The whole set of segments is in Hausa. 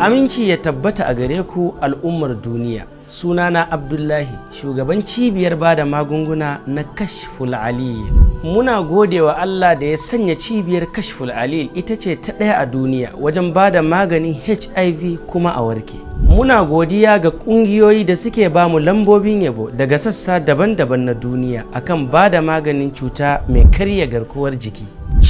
Aminci ya tabbata a gare ku al'ummar duniya. Sunana Abdullahi, shugaban cibiyar bada magunguna na Kashful Alil. Muna godewa Allah da ya sanya cibiyar Kashful Alil ita ce ta ɗaya a duniya wajen ba da maganin HIV kuma a warke. Muna godiya ga ƙungiyoyi da suke ba mu lambobin yabo daga sassa daban-daban na duniya akan ba da maganin cuta mai karya garkuwar jiki.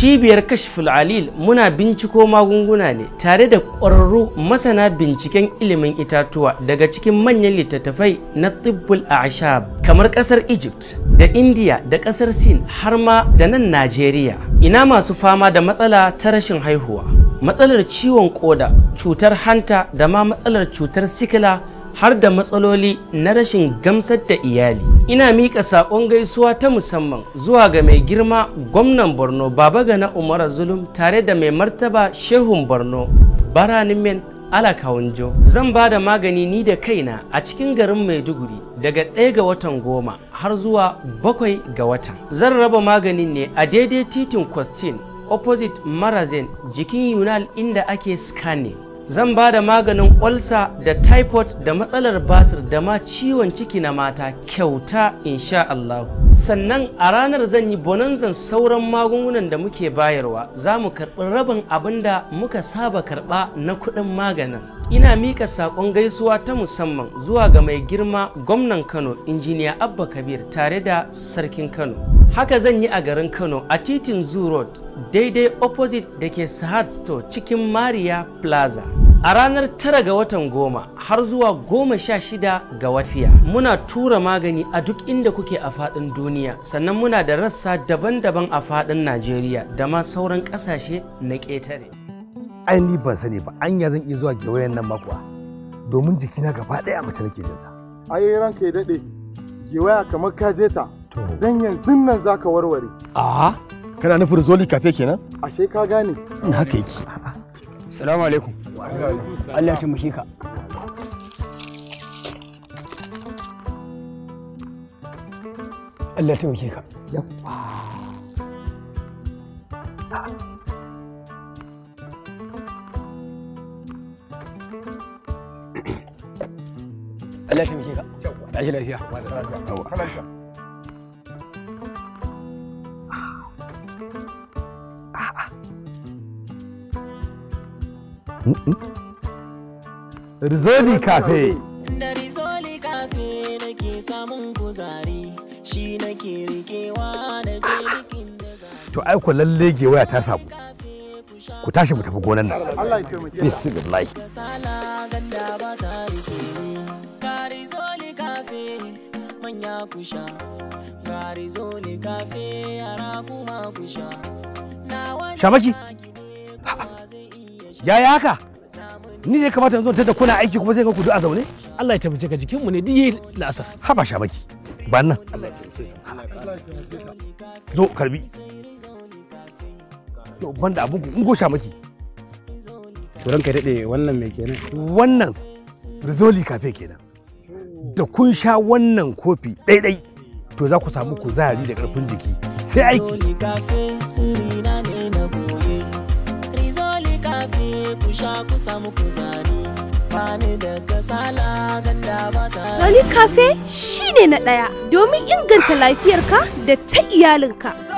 cibiyar kashful alil muna binciko magunguna ne tare da ƙwararru masana binciken ilimin itatuwa daga cikin manyan littattafai na tibbul ashab kamar ƙasar egypt da india da ƙasar sin har ma da nan najeriya ina masu fama da matsala ta rashin haihuwa matsalar ciwon koda cutar hanta da ma matsalar cutar sikila har da matsaloli na rashin gamsar da iyali. Ina miƙa saƙon gaisuwa ta musamman zuwa ga mai girma gwamnan Borno Baba Gana Umar Zulum tare da mai martaba Shehun Borno Baranin Men Alakawunjo. Zan ba da magani ni da kaina a cikin garin Maiduguri daga ɗaya ga watan goma har zuwa bakwai ga watan. Zan raba maganin ne a daidai titin Kwastin opposite Marazin jikin Yunal inda ake scanning. zan ba da maganin olsa da typhoid da matsalar basir da ma ciwon ciki na mata kyauta insha Allah. Sannan a ranar zan yi bonanzan sauran magungunan da muke bayarwa za mu karɓi rabin abin da muka saba karɓa na kuɗin maganin. ina mika sakon gaisuwa ta musamman zuwa ga mai girma gwamnan kano injiniya abba kabir tare da sarkin kano haka zan yi a garin kano a titin zoo road daidai opposite da ke sahad store cikin maria plaza a ranar tara ga watan goma har zuwa goma sha shida ga wafiya muna tura magani a duk inda kuke a fadin duniya sannan muna da rassa daban-daban a fadin najeriya da ma sauran ƙasashe na ƙetare ai ni ban sani ba anya zan iya zuwa wayan nan makuwa domin jikina gaba ɗaya mace nake jin sa ai ranka ya dade gewaya kamar ka je ta dan yanzu nan zaka warware a kana nufin zoli kafe kenan ashe ka gane haka yake assalamu alaikum Allah ya taimake ka Allah ya taimake ka yawwa Allah ta mike ka. Tashi lafiya. Ah, ah. Rizoli Cafe. Da Rizoli Cafe nake samun kuzari shi nake rikewa na da zafi. To ai ko lalle gewaya ta samu. ku tashi mu tafi gonan nan bismillah gari zoli kafe manya kusha gari zoli kafe yara kuma kusha shamaki haka ni ne kamata zo ta kuna aiki kuma zai ga kudu a zaune Allah ya tabbace ka jikinmu ne duk yayi la'asar haba shamaki ba nan zo karbi to banda abun in gosha maki to ranka dade wannan me kenan wannan rizoli kafe kenan da kun sha wannan kofi ɗaiɗai to za ku samu kuzari da ƙarfin jiki sai aiki ku sha ku samu da kasala ganda ba ta Cafe shine na ɗaya domin inganta lafiyarka da ta iyalinka.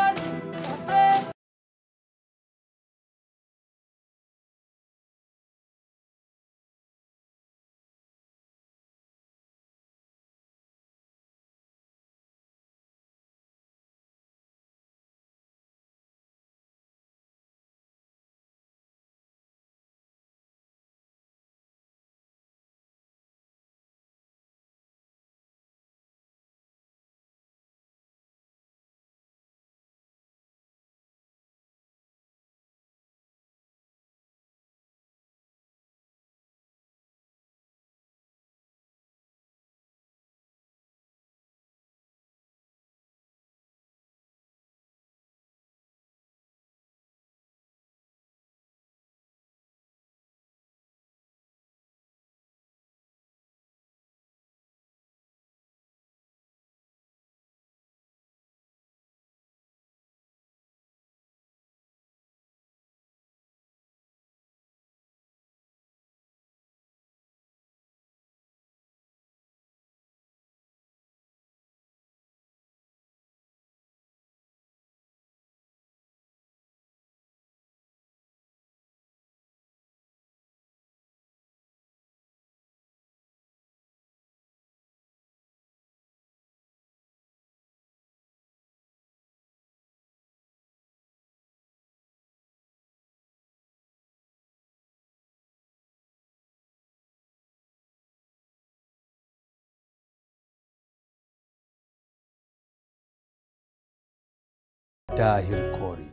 Tahir Kori.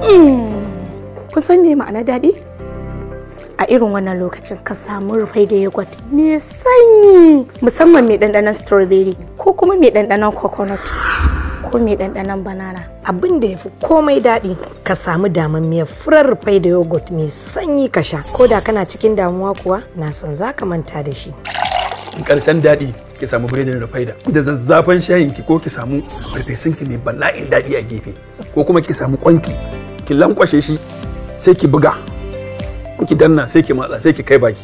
Hmm, kun san me ma'ana daɗi? A irin wannan lokacin ka samu rufai da yogurt mai sanyi musamman mai ɗanɗanon strawberry ko kuma mai ɗanɗanon coconut ko mai ɗanɗanon banana. Abin da ya fi komai daɗi ka samu daman miyar furar rufai da yogurt mai sanyi ka sha ko da kana cikin damuwa kuwa na san za ka manta da shi. karshen daɗi ki samu biredin rufaida da zazzafan shayin ki ko ki samu farfesun ki mai bala'in daɗi a gefe ko kuma ki samu kwanki ki lankwashe shi sai ki buga Ko ki danna sai ki matsa sai ki kai baki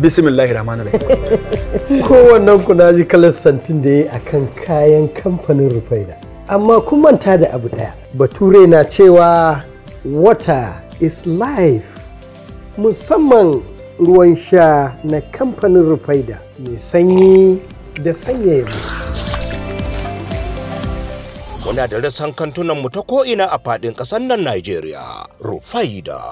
bismillahir rahmanir rahim kowannen ku na ji kalar santin da ya akan kayan kamfanin rufaida amma kun manta da abu daya bature na cewa water is life musamman ruwan sha na kamfanin rufaida mai sanyi da sanyaya muna da rasan kantunan mu ta ko'ina a faɗin ƙasar nan Najeriya, Rufaida.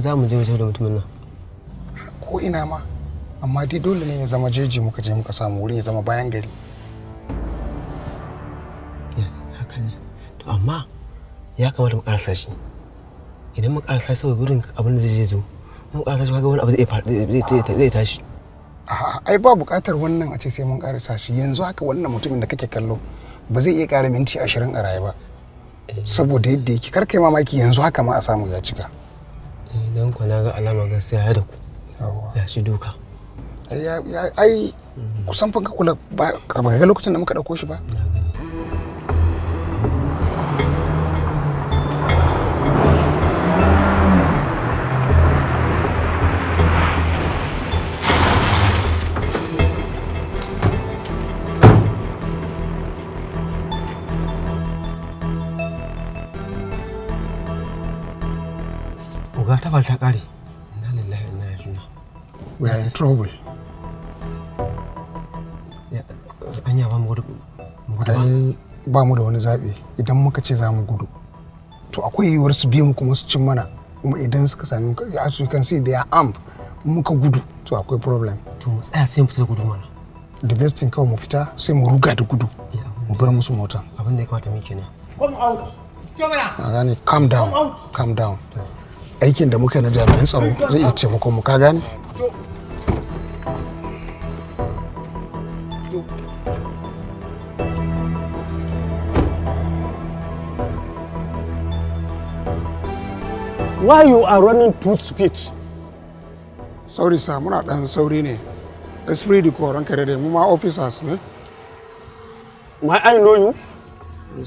za mu je waje da mutumin nan ko ina ma amma dai dole ne ya zama jeji muka je muka samu wurin ya zama bayan gari haka ne to amma ya kamata mu karasa shi idan mu karasa shi gurin abin da zai zo mun karasa shi kaga wani abu zai zai tashi ai ba bukatar wannan a ce sai mun karasa shi yanzu haka wannan mutumin da kake kallo ba zai iya ƙara minti ashirin a rayuwa ba eh. saboda yadda yake karkai mamaki yanzu haka ma a samu ya cika Idan eh, ku na ga alama gaskiya ya da ku. Ya shi duka. Ai mm. kusan fanka kula ba kamar lokacin da muka ɗauko shi ba. ta ƙare lillahi we are in trouble anya ba mu gudu ba mu da wani zaɓi idan muka ce za mu gudu to akwai yiwuwar su biye mu kuma su cin mana kuma idan suka sami ya su kan sai da ya amp muka gudu to akwai problem to mu tsaya sai mu fita gudu mana the best thing kawai mu fita sai mu ruga da gudu mu bar musu mota abin da ya kamata mu kenan come out come down calm down calm down aikin da muka na jami'an tsaro zai iya taimakon mu ka gane why you are running two speed sauri sa muna dan sauri ne da spirit koran kare da mu ma officers ne May i know you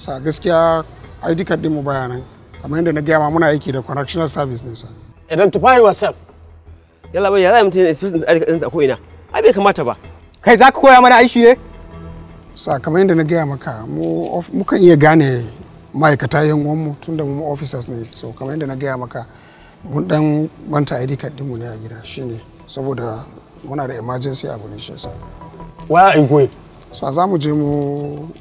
sa gaskiya ID card din mu bayanan kamar yadda na gaya ma muna aiki da correctional service ne sa fire yourself yalla bai ya za mutum express din sa ko ina ai bai kamata ba kai za ka koya mana aiki ne sa kamar yadda na gaya maka mu mukan iya gane ma'aikata yan uwanmu tun da mu officers ne so kamar yadda na gaya maka mun dan manta ID card dinmu ne a gida shine saboda muna da emergency abu ne shi sa where are you going sa za mu je mu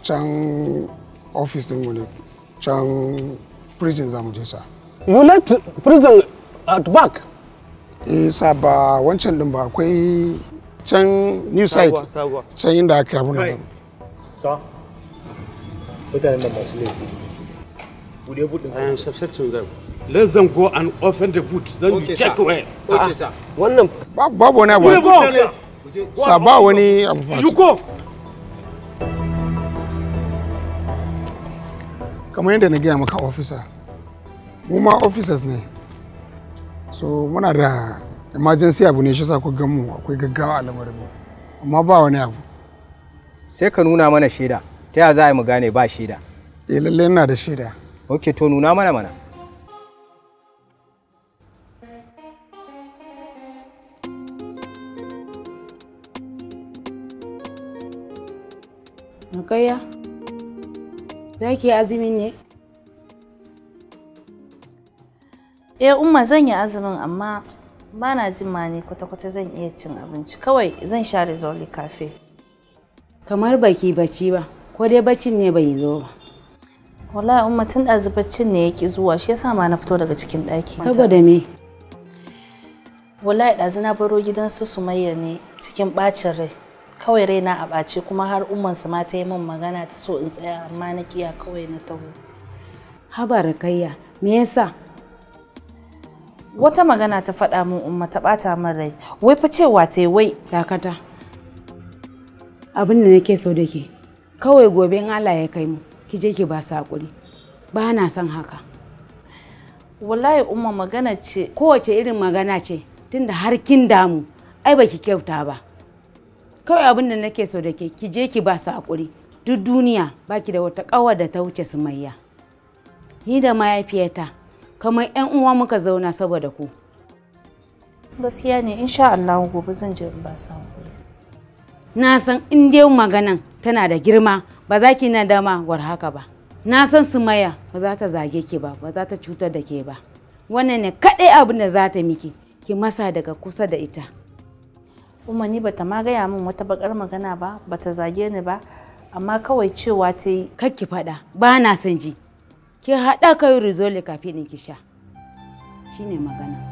can office dinmu ne can prison za mu je sa you left prison at back eh sa ba wancan din ba akwai can new site can inda aka abu nan sa mutanen nan masu laifi bude budin I am suspecting them let them go and open the boot then okay, you take away okay ah, sir wannan babu wani abu sa ba wani abu you go kamar yadda na gaya maka ofisa mu ma officers ne so muna da emergency abu ne shi sa ku mu akwai gaggawa a lamarin mu amma ba wani abu sai ka nuna mana shaida ta ya za a mu gane ba shaida eh lalle ina da shaida ok to nuna mana mana Okay, yeah. zaki yi azumin ne? Eh umma zan yi azumin amma ba na jin ma ne kwata-kwata zan iya cin abinci kawai zan share rizoli kafe. Kamar baki bacci ba, ko dai baccin ne bai zo ba. Wallahi umma tun ɗazu baccin ne ya zuwa shi yasa ma na fito daga cikin ɗaki. Saboda me? Wallahi ɗazu na baro gidan su Sumayya ne cikin ɓacin rai. kawai raina a ɓace kuma har ummansu ma ta yi min magana ta so in tsaya amma na kiya kawai na taho haba kayya, me yasa wata magana ta faɗa min umma ta ɓata min rai wai fa cewa ta wai dakata abin da nake so da ke kawai gobe in Allah ya kai mu ki je ki ba su hakuri ba na son haka wallahi umma magana ce kowace irin magana ce tunda har kin damu ai baki kyauta ba kawai abin da nake so da ke ki je ki ba su haƙuri duk duniya ba ki da wata ƙawa da ta wuce sumayya ni da mahaifiyata kamar 'yan uwa muka zauna saboda ku gaskiya ne insha Allah gobe zan je ba su haƙuri na san in dai maganan tana da girma ba za ki na dama war haka ba na san sumayya ba za ta zage ki ba ba za ta cutar da ke ba wannan ne kaɗai abin da za ta miki ki masa daga kusa da ita umarni ni bata magaya min wata bakar magana ba bata zage ni ba amma kawai cewa ta yi kakki faɗa ba na son ji ki haɗa kai rizole kafin ki sha shine magana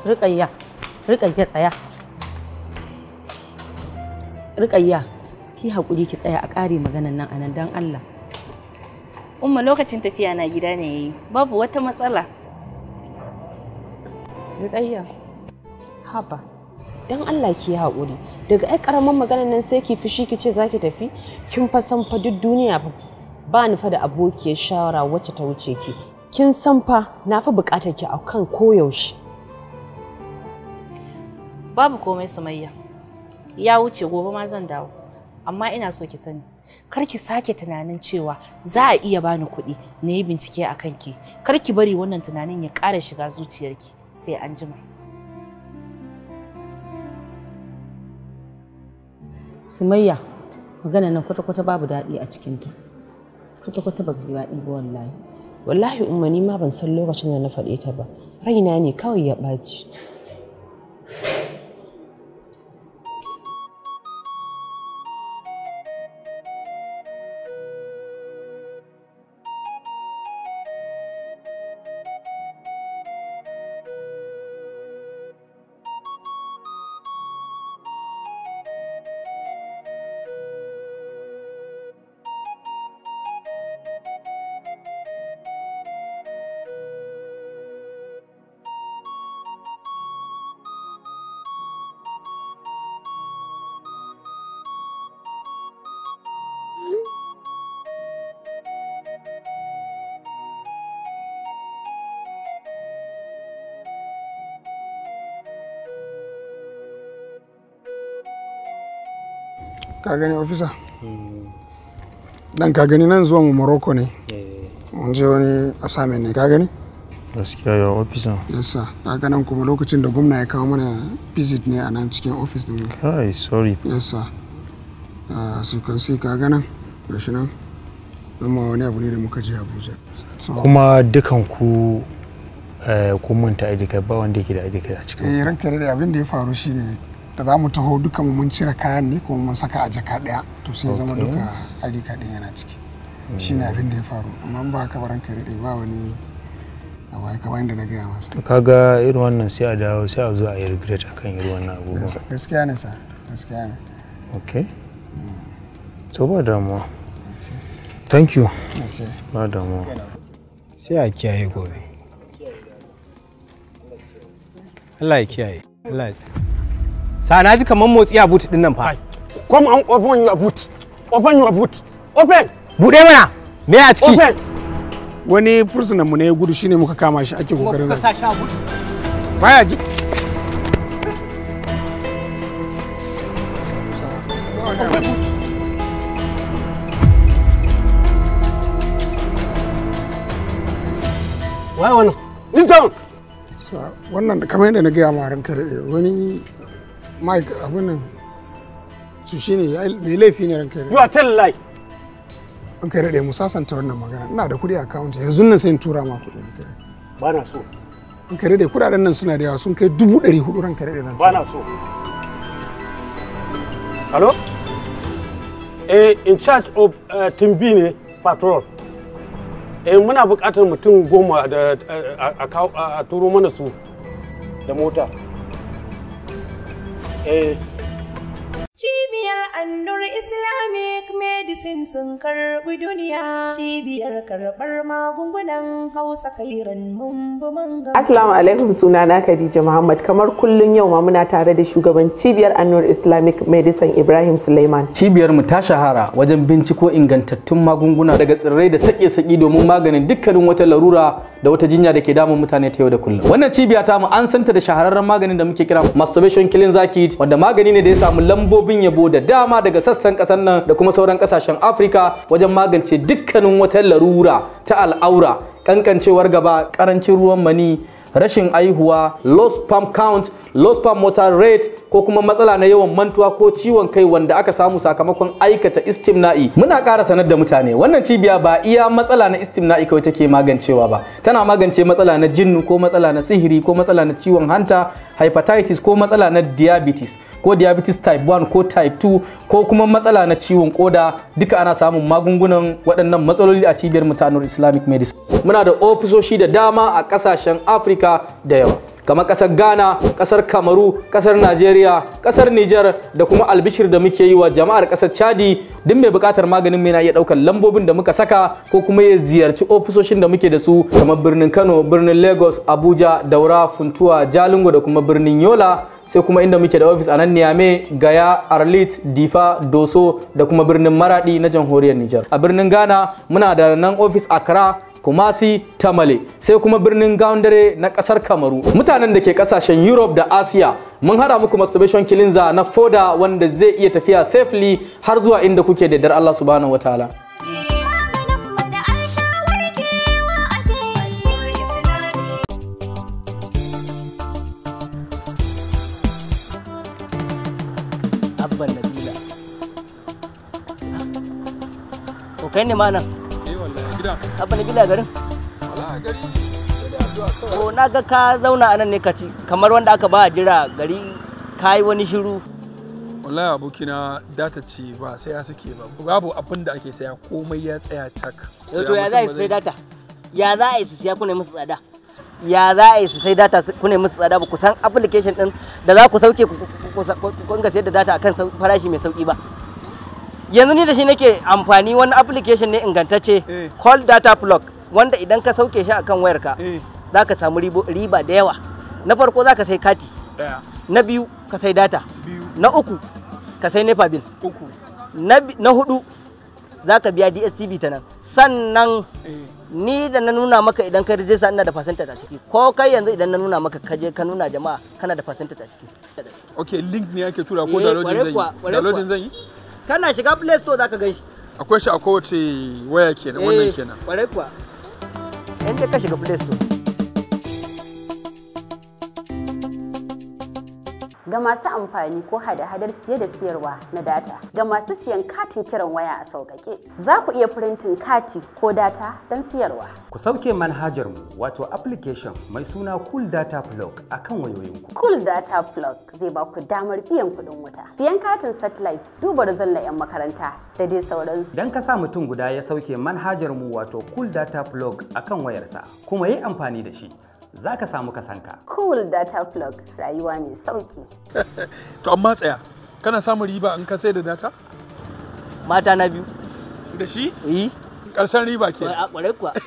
Rikayya, rikayya tsaya. rikayya ki haƙuri ki tsaya a ƙare maganan nan anan dan Allah umma lokacin tafiya na gida ne yayi babu wata matsala rikayya haba dan Allah ki haƙuri daga ai karaman maganan nan sai ki fushi ki ce zaki tafi kin fa san fa duk duniya ba ni fa da abokiyar shawara wacce ta wuce ki kin san fa na fa buƙatar ki akan koyaushe babu komai sumayya ya wuce gobe ma zan dawo amma ina so ki sani kar ki sake tunanin cewa za a iya bani kuɗi na yi bincike a kanki kar ki bari wannan tunanin ya ƙara shiga zuciyarki sai an jima sumayya magana nan kwata-kwata babu daɗi a cikinta kwata-kwata ba ji daɗi ba wallahi wallahi umarni ma ban san lokacin da na faɗe ta ba raina ne kawai ya ɓaci ka gani ofisa dan ka gani nan zuwa mu morocco ne eh. mun je wani assignment ne ka gani gaskiya ya ofisa yasa ka ga nan kuma lokacin da gwamna ya kawo mana visit ne a nan cikin office din kai sorry yes sir yasa ah, su kan sai ka ga nan gashi nan kuma wani abu ne da muka je abuja kuma dukan ku eh, kun manta ID card ba wanda yake da ID a cikin eh ranka da abin da ya faru shine da za mu taho duka mun cire kayan ne kuma mun saka a jaka ɗaya to sai zama duka id ɗin yana ciki shi ne mm. abin da ya faru amma ba ka baran ka daɗe ba wani abu kamar yadda na gaya masa to kaga irin wannan sai a dawo sai a zo a yi regret akan irin wannan abubuwa gaskiya ne sa gaskiya ne okay mm. to ba damuwa thank you ba damuwa sai a kiyaye gobe Allah ya kiyaye Allah ya tsare Sana ji kamar motsi a boot din nan fa. Come on open your boot. Open your boot. Open. Bude mana. Me a ciki? Open. Wani fursunan mu ne ya gudu shine muka kama shi ake kokarin. Kuma kuka sa shi a boot. Baya ji. Wai wannan? Din Wannan kamar yadda na gaya ma ranka wani mike abin su shi ne mai laifi ne ranka you are tell lie an kai rade mu sasanta wannan magana ina da kuɗi a account yanzu nan sai in tura ma kuɗi ba na so an kai rade kudaden nan suna da yawa sun kai dubu ɗari hudu ranka rade nan ba na so Hello? Eh, in charge of uh, ne patrol. Eh, muna buƙatar mutum goma da eh, a turo mana su da mota. 哎。Cibiyar Annur Islamic Medicine sun karɓi duniya. Cibiyar karɓar magungunan Hausa kairan manga. Asalamu alaikum suna na Khadija Muhammad kamar kullun yau ma muna tare da shugaban Cibiyar Annur Islamic Medicine Ibrahim Suleiman. Cibiyar mu ta shahara wajen binciko ingantattun magunguna daga tsirrai da sake saki domin maganin dukkanin wata larura da wata jinya da ke damun mutane ta yau da kullum. Wannan cibiya ta mu an santa da shahararren maganin da muke kira masturbation killing zakit wanda magani ne da ya samu lambobi lambobin yabo da dama daga sassan ƙasar nan da kuma sauran ƙasashen Afirka wajen magance dukkanin wata larura ta al'aura, kankancewar gaba, ƙarancin ruwan mani, rashin aihuwa, low sperm count, low sperm motor rate ko kuma matsala na yawan mantuwa ko ciwon kai wanda aka samu sakamakon aikata istimna'i. Muna ƙara sanar da mutane wannan cibiya ba iya matsala na istimna'i kawai take magancewa ba. Tana magance matsala na jinnu ko matsala na sihiri ko matsala na ciwon hanta hepatitis ko matsala na diabetes ko diabetes type 1 ko type 2 ko kuma matsala na ciwon koda duka ana samun magungunan waɗannan matsaloli a cibiyar mutanen islamic medicine muna da ofisoshi da dama a ƙasashen afirka da yawa kamar kasar ghana kasar kamaru kasar najeriya kasar niger da kuma albishir da muke yi wa jama'ar kasar chadi duk mai bukatar maganin mai na iya daukar lambobin da muka saka ko kuma ya ziyarci ofisoshin da muke da su kamar birnin kano birnin lagos abuja daura funtuwa jalingo da kuma birnin yola sai kuma inda muke da ofis a nan Niamey, Gaya, Arlit, Difa, Doso da kuma birnin Maradi na jamhuriyar Niger. A birnin Ghana muna da nan ofis Accra Kumasi ta Male sai kuma birnin Gaundare na kasar Kamaru mutanen da ke kasashen Europe da Asia mun hada muku masturbation kilinza na foda wanda zai iya tafiya safely har zuwa inda kuke da dar Allah subhanahu wataala Nabila. Ko kai ne ma nan? abin gida garin to na ga ka zauna anan ne ka ci kamar wanda aka ba jira gari ka yi wani shiru wallahi abokina data ce ba sai ya suke ba babu abin da ake saya komai ya tsaya tak to ya za a yi sai data ya za a yi su siya kuna musu tsada ya za a yi su sai data kuna musu tsada ba ku san application din da za ku sauke ku kunga sayar da data akan farashi mai sauki ba yanzu ni da shi nake amfani wani application ne ingantacce eh. call data plug wanda idan ka sauke shi akan wayarka eh. za ka samu riba da yawa na farko za ka sai kati na biyu ka sai data na uku ka sai nepa bill na hudu za ka biya dstv ta nan sannan eh. ni da na nuna maka idan ka rijista ina da fasanta ta ciki ko kai yanzu idan na nuna maka ka je ka nuna jama'a kana da fasanta ta ciki ok link ne ake tura ko downloading zan yi kana shiga play store zaka gan shi akwai shi a kowace waya kenan wannan eh, kenan kwarai kuwa in ka shiga play store ga masu amfani ko hada-hadar siye da siyarwa na data ga masu siyan katin kiran waya a sauƙaƙe za ku iya firintin kati ko data don siyarwa ku sauke manhajar mu wato application mai suna cool data plug a kan wayoyinku cool data plug zai ba ku damar biyan kuɗin wuta siyan katin satellite duba zalla 'yan makaranta da dai sauransu idan ka sa mutum guda ya sauke manhajar mu wato cool data plug a kan wayarsa kuma yi amfani da shi za ka samu kasanka. Cool data plug rayuwa mai sauki. to amma tsaya, kana samun riba in ka sai da data? Mata na biyu. Da shi? Eh. Ƙarshen riba ke. Ƙwarai kuwa.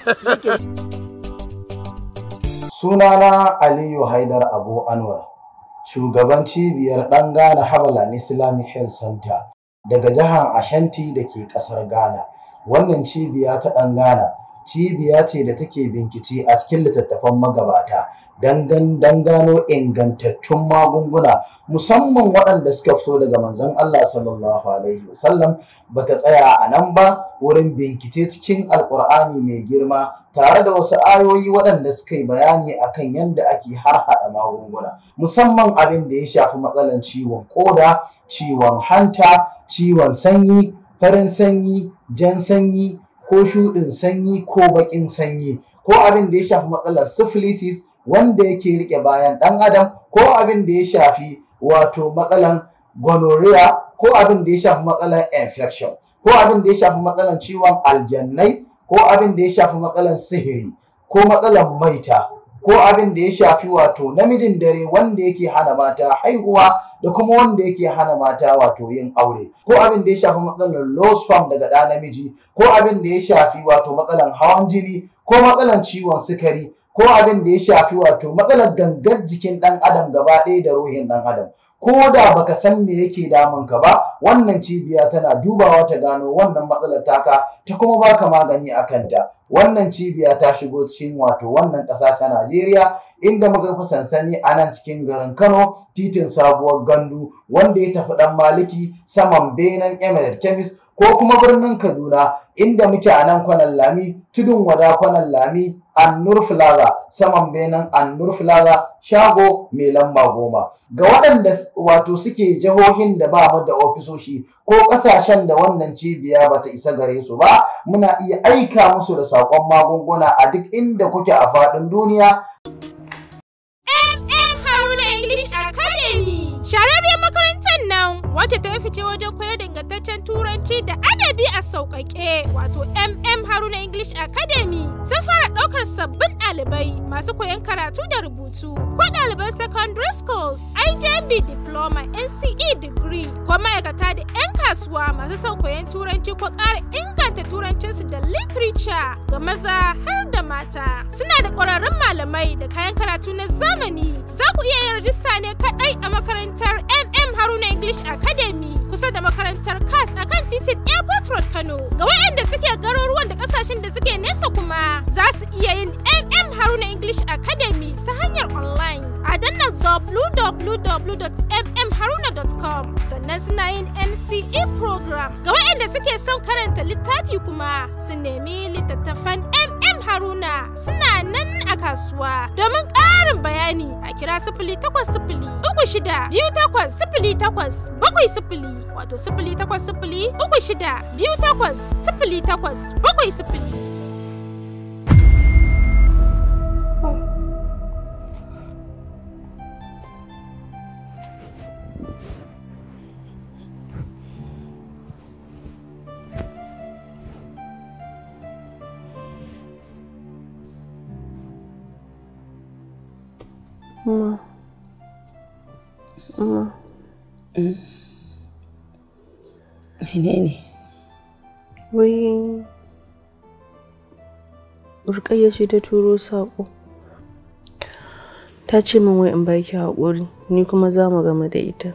Sunana Aliyu Haidar Abu Anwar, shugaban cibiyar ɗan Ghana Habalan Islamic Health Center daga jihar Ashanti da ke ƙasar Ghana. Wannan cibiya ta ɗan Ghana cibiya ce da take bincike a cikin littattafan magabata don gano ingantattun magunguna musamman waɗanda suka fito daga manzon Allah sallallahu alaihi wasallam ba tsaya a nan ba wurin bincike cikin alkur'ani mai girma tare da wasu ayoyi waɗanda suka yi bayani akan yadda ake harhaɗa magunguna musamman abin da ya shafi matsalan ciwon koda ciwon hanta ciwon sanyi farin sanyi jan sanyi ko shuɗin sanyi ko baƙin sanyi ko abin da ya shafi matsalar syphilis wanda yake rike bayan ɗan adam ko abin da ya shafi wato matsalar gonorrhea ko abin da ya shafi matsalar infection ko abin da ya shafi matsalar ciwon aljannai ko abin da ya shafi matsalar sihiri ko matsalar maita ko abin da ya shafi wato namijin dare wanda yake hana mata haihuwa da kuma wanda yake hana mata wato yin aure ko abin da ya shafi matsalar low sperm daga ɗa namiji ko abin da ya shafi wato matsalar hawan jini ko matsalar ciwon sukari ko abin da ya shafi wato matsalar gangar jikin ɗan adam gaba ɗaya da ruhin ɗan adam ko da baka san me yake damun ka ba wannan cibiya tana dubawa ta gano wannan matsalar taka ta kuma baka magani a kanta wannan cibiya ta shigo cikin wato wannan ƙasa ta Najeriya inda muka fi sansani a nan cikin garin Kano titin sabuwar gandu wanda ya tafi dan maliki saman benin emirate chemist ko kuma birnin Kaduna inda muke a nan kwanan lami tudun wada kwanan lami Annur Plaza saman benin Annur Plaza shago mai lamba goma. Ga waɗanda wato suke jihohin da ba mu da ofisoshi ko ƙasashen da wannan cibiya ba ta isa gare su ba, muna iya aika musu da saƙon magunguna a duk inda kuke a faɗin duniya. MM Haruna English Academy. makarantar wacce ta fice wajen koyar da ingantaccen turanci da adabi a sauƙaƙe wato mm haruna english academy sun fara ɗaukar sabbin ɗalibai masu koyon karatu da rubutu ko ɗaliban secondary schools IJB diploma NCE degree ko ma'aikata da 'yan kasuwa masu son koyon turanci ko ƙara inganta turancinsu da literature ga maza har da mata. Suna da ƙwararrun malamai da kayan karatu na zamani. Za ku iya yin rajista ne kaɗai a makarantar MM Haruna English Academy kusa da makarantar CAS a kan titin Airport Road Kano. Ga waɗanda suke garuruwan da ƙasashen da suke nesa kuma za su iya yin MM M Haruna English Academy ta hanyar online a danna www.mmharuna.com sannan suna yin NCE program ga waɗanda suke son karanta littafi kuma su nemi littattafan MM Haruna suna nan a kasuwa domin ƙarin bayani a kira sifili takwas sifili uku shida biyu takwas sifili takwas bakwai sifili wato sifili takwas sifili uku shida biyu takwas sifili takwas bakwai sifili. menene wai urkayya ce ta turo saƙo ta ce min wai in baki haƙuri ni kuma za mu gama da ita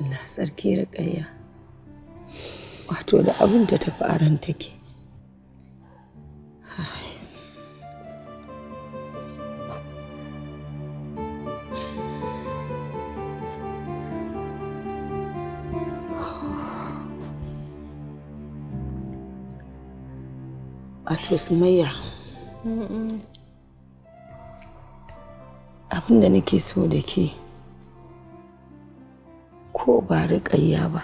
Allah sarki wato da abin ta tafi aran take Wato Sumayya. Abin da nake so da ke ko ba riƙayya ba.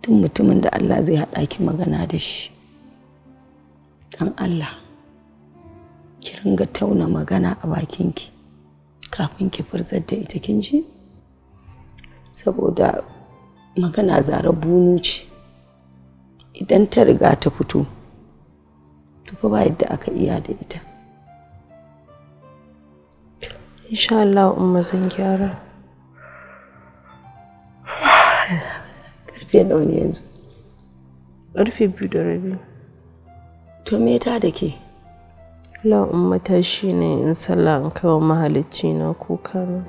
Tun mutumin da Allah zai haɗa ki magana da shi. Dan Allah, ki ringa tauna magana a bakinki kafin ki furzar da ita kin Saboda magana zara bunu ce, idan ta riga ta fito. to fa ba yadda aka iya da ita insha Allah umma zan gyara karfe nawa ne yanzu karfe biyu da rabi to me ta da ke Allah umma ta shi ne in sallah in kawo mahalicci na kuka na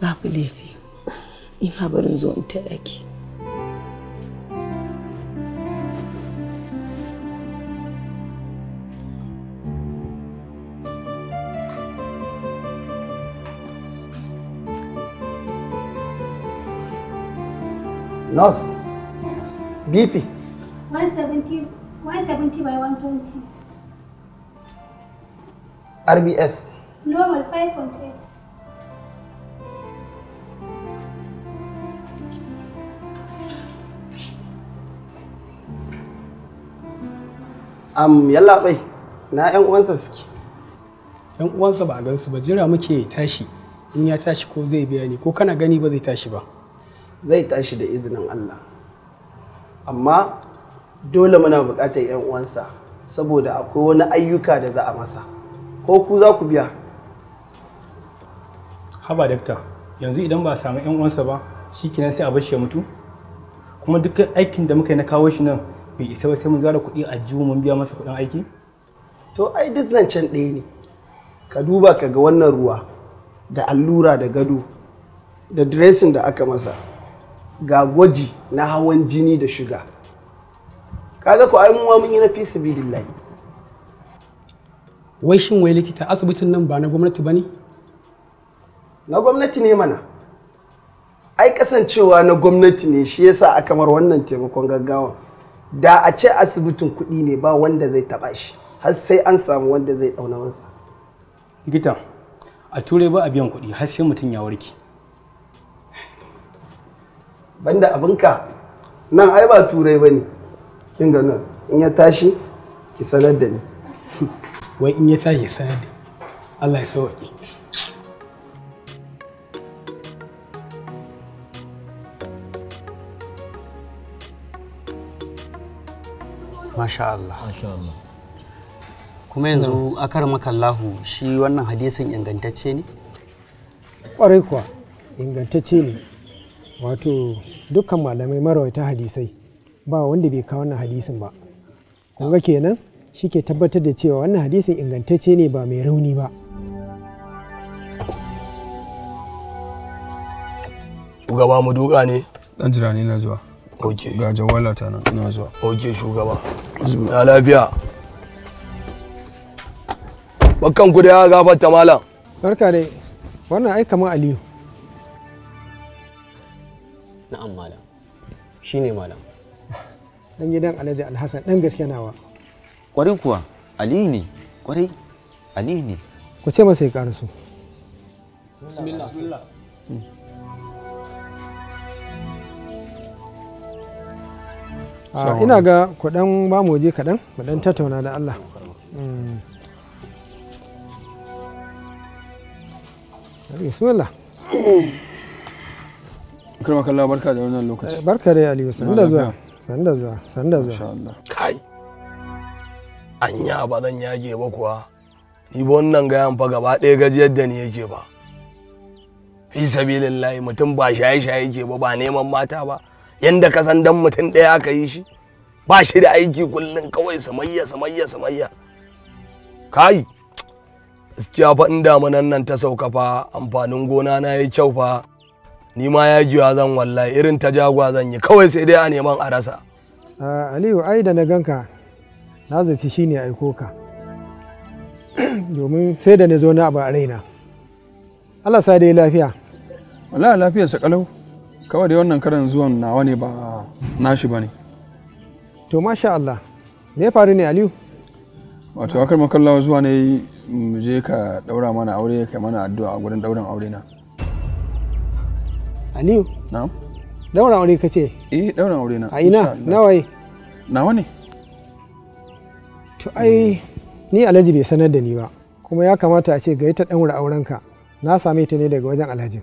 babu laifi ina barin zo in ta ɗaki Nurse. BP. 170, 170 by 120. RBS. Normal 5.8. am yalla yallaɓai na ƴan uwansa suke Ƴan uwansa ba a gansu ba jira muke tashi in ya tashi ko zai biya ni ko kana gani ba zai tashi ba zai tashi da izinin Allah amma dole muna buƙatar 'yan uwansa saboda akwai wani ayyuka da za a masa ko ku za ku biya haba dakta yanzu idan ba a samu 'yan uwansa ba shi kenan sai a bar ya mutu kuma duk aikin da muka yi na kawo shi nan bai isa ba sai mun zara kuɗi a jiwo mun biya masa kuɗin aiki to ai duk zancen ɗaya ne ka duba ka ga wannan ruwa da allura da gado da dressing da aka masa ga gwaji na hawan jini da shuga kaga ko ai mun yi na fi sabilillahi wai shin wai likita asibitin nan ba na gwamnati bane na gwamnati ne mana ai kasancewa na gwamnati ne shi yasa aka mar wannan taimakon gaggawa da a ce asibitin kuɗi ne ba wanda zai taɓa shi har sai an samu wanda zai ɗauna wansa likita a turai ba a biyan kuɗi har sai mutum ya warke banda abinka nan ai ba turai bane kin ga nas in ya tashi ki sanar da ni wai in ya tashi sanar da Allah ya sauki Masha Allah. Masha Allah. kuma yanzu akar makallahu shi wannan hadisin ingantacce ne? kwarai kuwa ingantacce ne wato dukkan malamai marawaita hadisai ba wanda bai kawo wannan hadisin ba kun ga kenan shi ke tabbatar da cewa wannan hadisin ingantacce ne ba mai rauni ba shugaba mu duka ne dan jira ne na zuwa ok ga jawala ta nan na zuwa oke shugaba na lafiya bakkan ku da ya gafarta malam barka dai wannan ai kamar aliyu na'am malam shine malam dan gidan alhaji alhassan dan gaske nawa kwarai kuwa ali ne kwarai ali ne ku ce masa ya karasu bismillah bismillah ah, ina ga kudan ba mu je kaɗan mu dan tattauna da Allah mm. bismillah Kuma kalla barka da wannan lokaci. Eh, barka da Aliyu da zuwa. da zuwa. da zuwa. Insha Allah. Kai. Anya ba zan yage ba kuwa. Ni ba wannan yan fa gaba ɗaya gaji yadda ni yake ba. Fi sabilillahi mutum ba shaye-shaye yake ba ba neman mata ba. Yanda ka san dan mutum ɗaya aka yi shi. Ba shi da aiki kullum kawai samayya samayya samayya. Kai. Gaskiya fa in damunan nan ta sauka fa amfanin gona na ya kyau fa. ni ma ya jiwa zan wallahi irin ta jagwa zan yi kawai sai dai a neman a rasa aliyu ai da na ganka na zaci shi ne aiko ka domin sai da na zo na abu a raina Allah sa dai lafiya wallahi lafiyar sa kalau kawai dai wannan karan zuwan nawa ne ba nashi ba ne. to masha Allah me ya faru ne aliyu wato akar makallawa zuwa ne mu je ka daura mana aure kai mana addu'a a gurin daurin aure na Aliyu. Na'am. Daura aure kace? Eh, daura aure na. A ina? Nawaye? Nawa ne? To ai ni Alhaji bai sanar da ni ba. Kuma ya kamata a ce gari ta daura aurenka. Na same ta ne daga wajen Alhaji.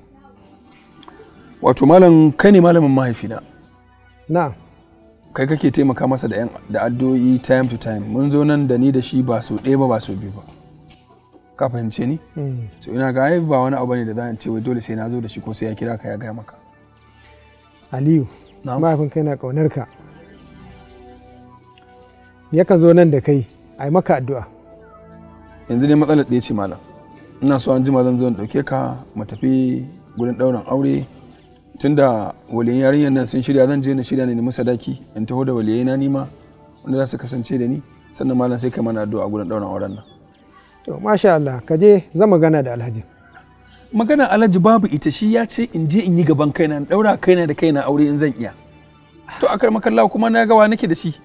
Wato malam kai ne malamin mahaifina. Na. Kai kake taimaka masa da da addu'o'i time to time. Mun zo nan da ni da shi ba so ɗaya ba ba so biyu ba. ka fahimce ni hmm. so ina ga ba wani abu ne da za a ce wai dole sai na zo da shi ko sai ya kira ka ya gaya maka aliyu mahaifin kai na kaunar ka yakan zo nan da kai a yi maka addu'a yanzu ne matsalar ɗaya ce malam ina so an jima zan zo in ka mu tafi gurin ɗaurin aure tunda waliyan yarinyar nan sun shirya zan je na shirya ne nemi sadaki in taho da waliyai na nima wanda za su kasance da ni sannan malam sai ka mana addu'a gurin ɗaurin auren nan to masha Allah ka je za magana da alhaji magana alhaji babu ita shi ya ce in je in yi gaban kaina in daura kaina da kaina aure in zan iya to akar makalla kuma na gawa nake da shi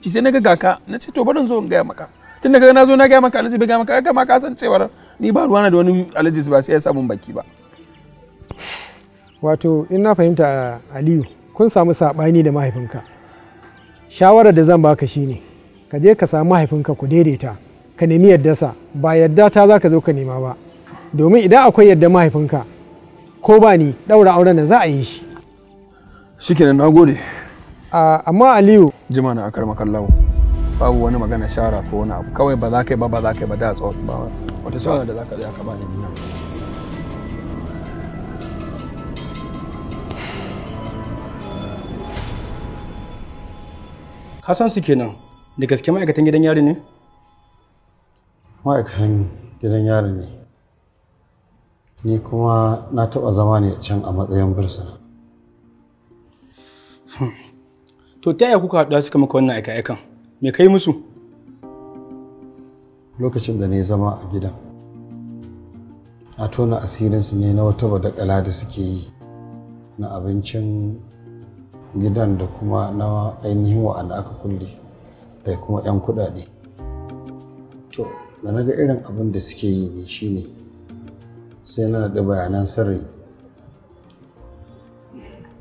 ci sai na ga gaka na ce to barin zo in gaya maka tun da na zo na gaya maka alhaji bai gaya maka ga ma san cewar ni ba ruwana da wani alhaji ba sai ya samu baki ba wato in na fahimta aliyu kun samu saɓani da mahaifinka shawarar da zan baka shine ka je ka samu mahaifinka ku daidaita ka nemi sa ba yadda ta za ka zo ka nema ba domin idan akwai yadda mahaifinka ko ba ni daura auren da za a yi shi shi ke na gode amma aliyu jima na akar makallawo babu wani magana shara ko wani abu kawai ba za ka yi ba ba za ka yi ba da tsawon ba wata shawara da za ka ka ba ni ka san su kenan da gaske ma'aikatan gidan yari ne ma'aikatan gidan yari ne ni kuma na taɓa zama ne can a matsayin bursuna to ta yaya kuka haɗuwa suka maka wannan aika-aikan me kai musu lokacin da na zama a gidan a tona asirin su ne na wata kala da suke yi na abincin gidan da kuma na ainihin wa'anda aka kulle da kuma 'yan kuɗaɗe da na irin abin da suke yi ne shine sai na da bayanan sirri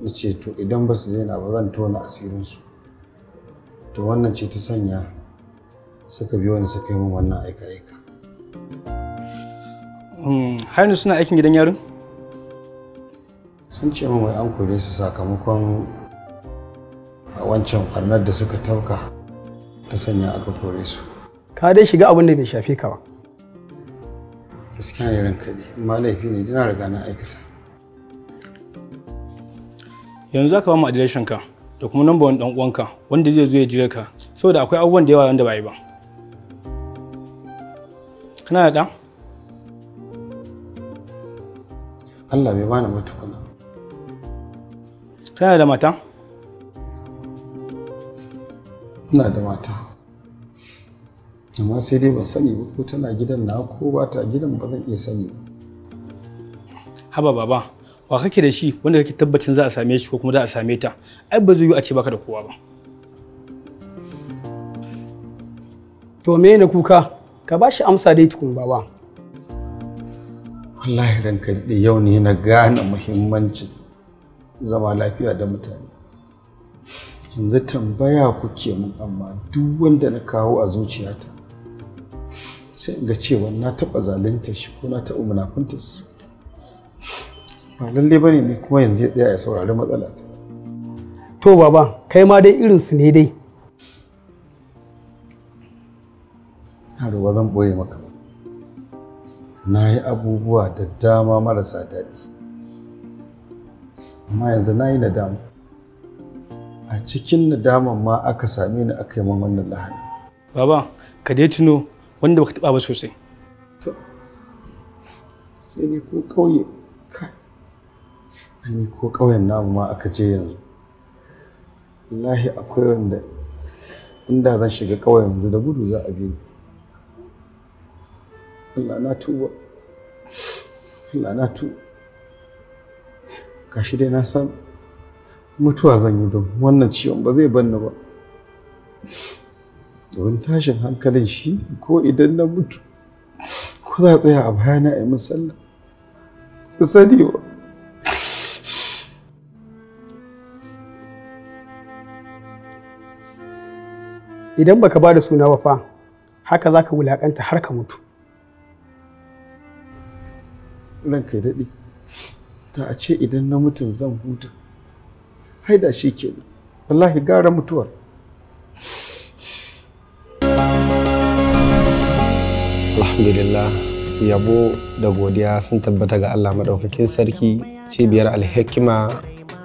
na ce to idan ba su zaina ba zan tona asirinsu to wannan ce ta sanya suka biyo ni suka yi min wannan aika-aika mm, har suna aikin gidan yarin? sun ce min wai an kore su sakamakon wancan farnar da suka tauka ta sanya aka kore su ka dai shiga abin da bai shafe ka ba gaskiya ne ranka ne amma laifi ne dina riga na aikata yanzu zaka ba mu adireshin ka da kuma number wani dan uwanka wanda zai zo ya jira ka saboda akwai abubuwan da yawa wanda ba yi ba kana da Allah bai bani matukuna kana da mata ina da mata amma sai dai ba sani ba ko tana gidan na ko ba ta gidan ba zan iya sani ba haba baba wa kake da shi wanda kake tabbacin za a same shi ko kuma za a same ta ai ba zai yi a ce baka da kowa ba to me na kuka ka ba shi amsa dai tukun baba wallahi ranka da yau ne na gane muhimmancin zama lafiya da mutane yanzu tambaya kuke mun amma duk wanda na kawo a zuciyata sai ga cewa na taɓa zalunta shi ko na taɓa munafunta su ba lalle bane ne kuma yanzu ya tsaya ya saurari matsala ta to baba kai ma dai irin su ne dai yaro ba zan boye maka ba na yi abubuwa da dama marasa daɗi amma yanzu na yi nadama a cikin nadaman ma aka same ni aka yi man wannan lahani baba ka dai tuno wanda baka taba ba sosai to sai ne ko kauye kai ni ko kauyen namu ma aka je yanzu wallahi akwai wanda inda zan shiga kawai yanzu da gudu za a bi ni Allah na tuba Allah na tu kashi dai na san mutuwa zan yi don wannan ciwon ba zai banna ba domin tashin hankalin shi ne ko idan na mutu ko za a tsaya a bayana a yi min sallah sani ba idan baka ba da suna wafa fa haka za ka wulaƙanta har ka mutu ranka kai daɗi. ta a ce idan na mutun zan huta haida shi nan. wallahi gara mutuwar alhamdulillah yabo da godiya sun tabbata ga allah maɗaukakin sarki cibiyar alhikima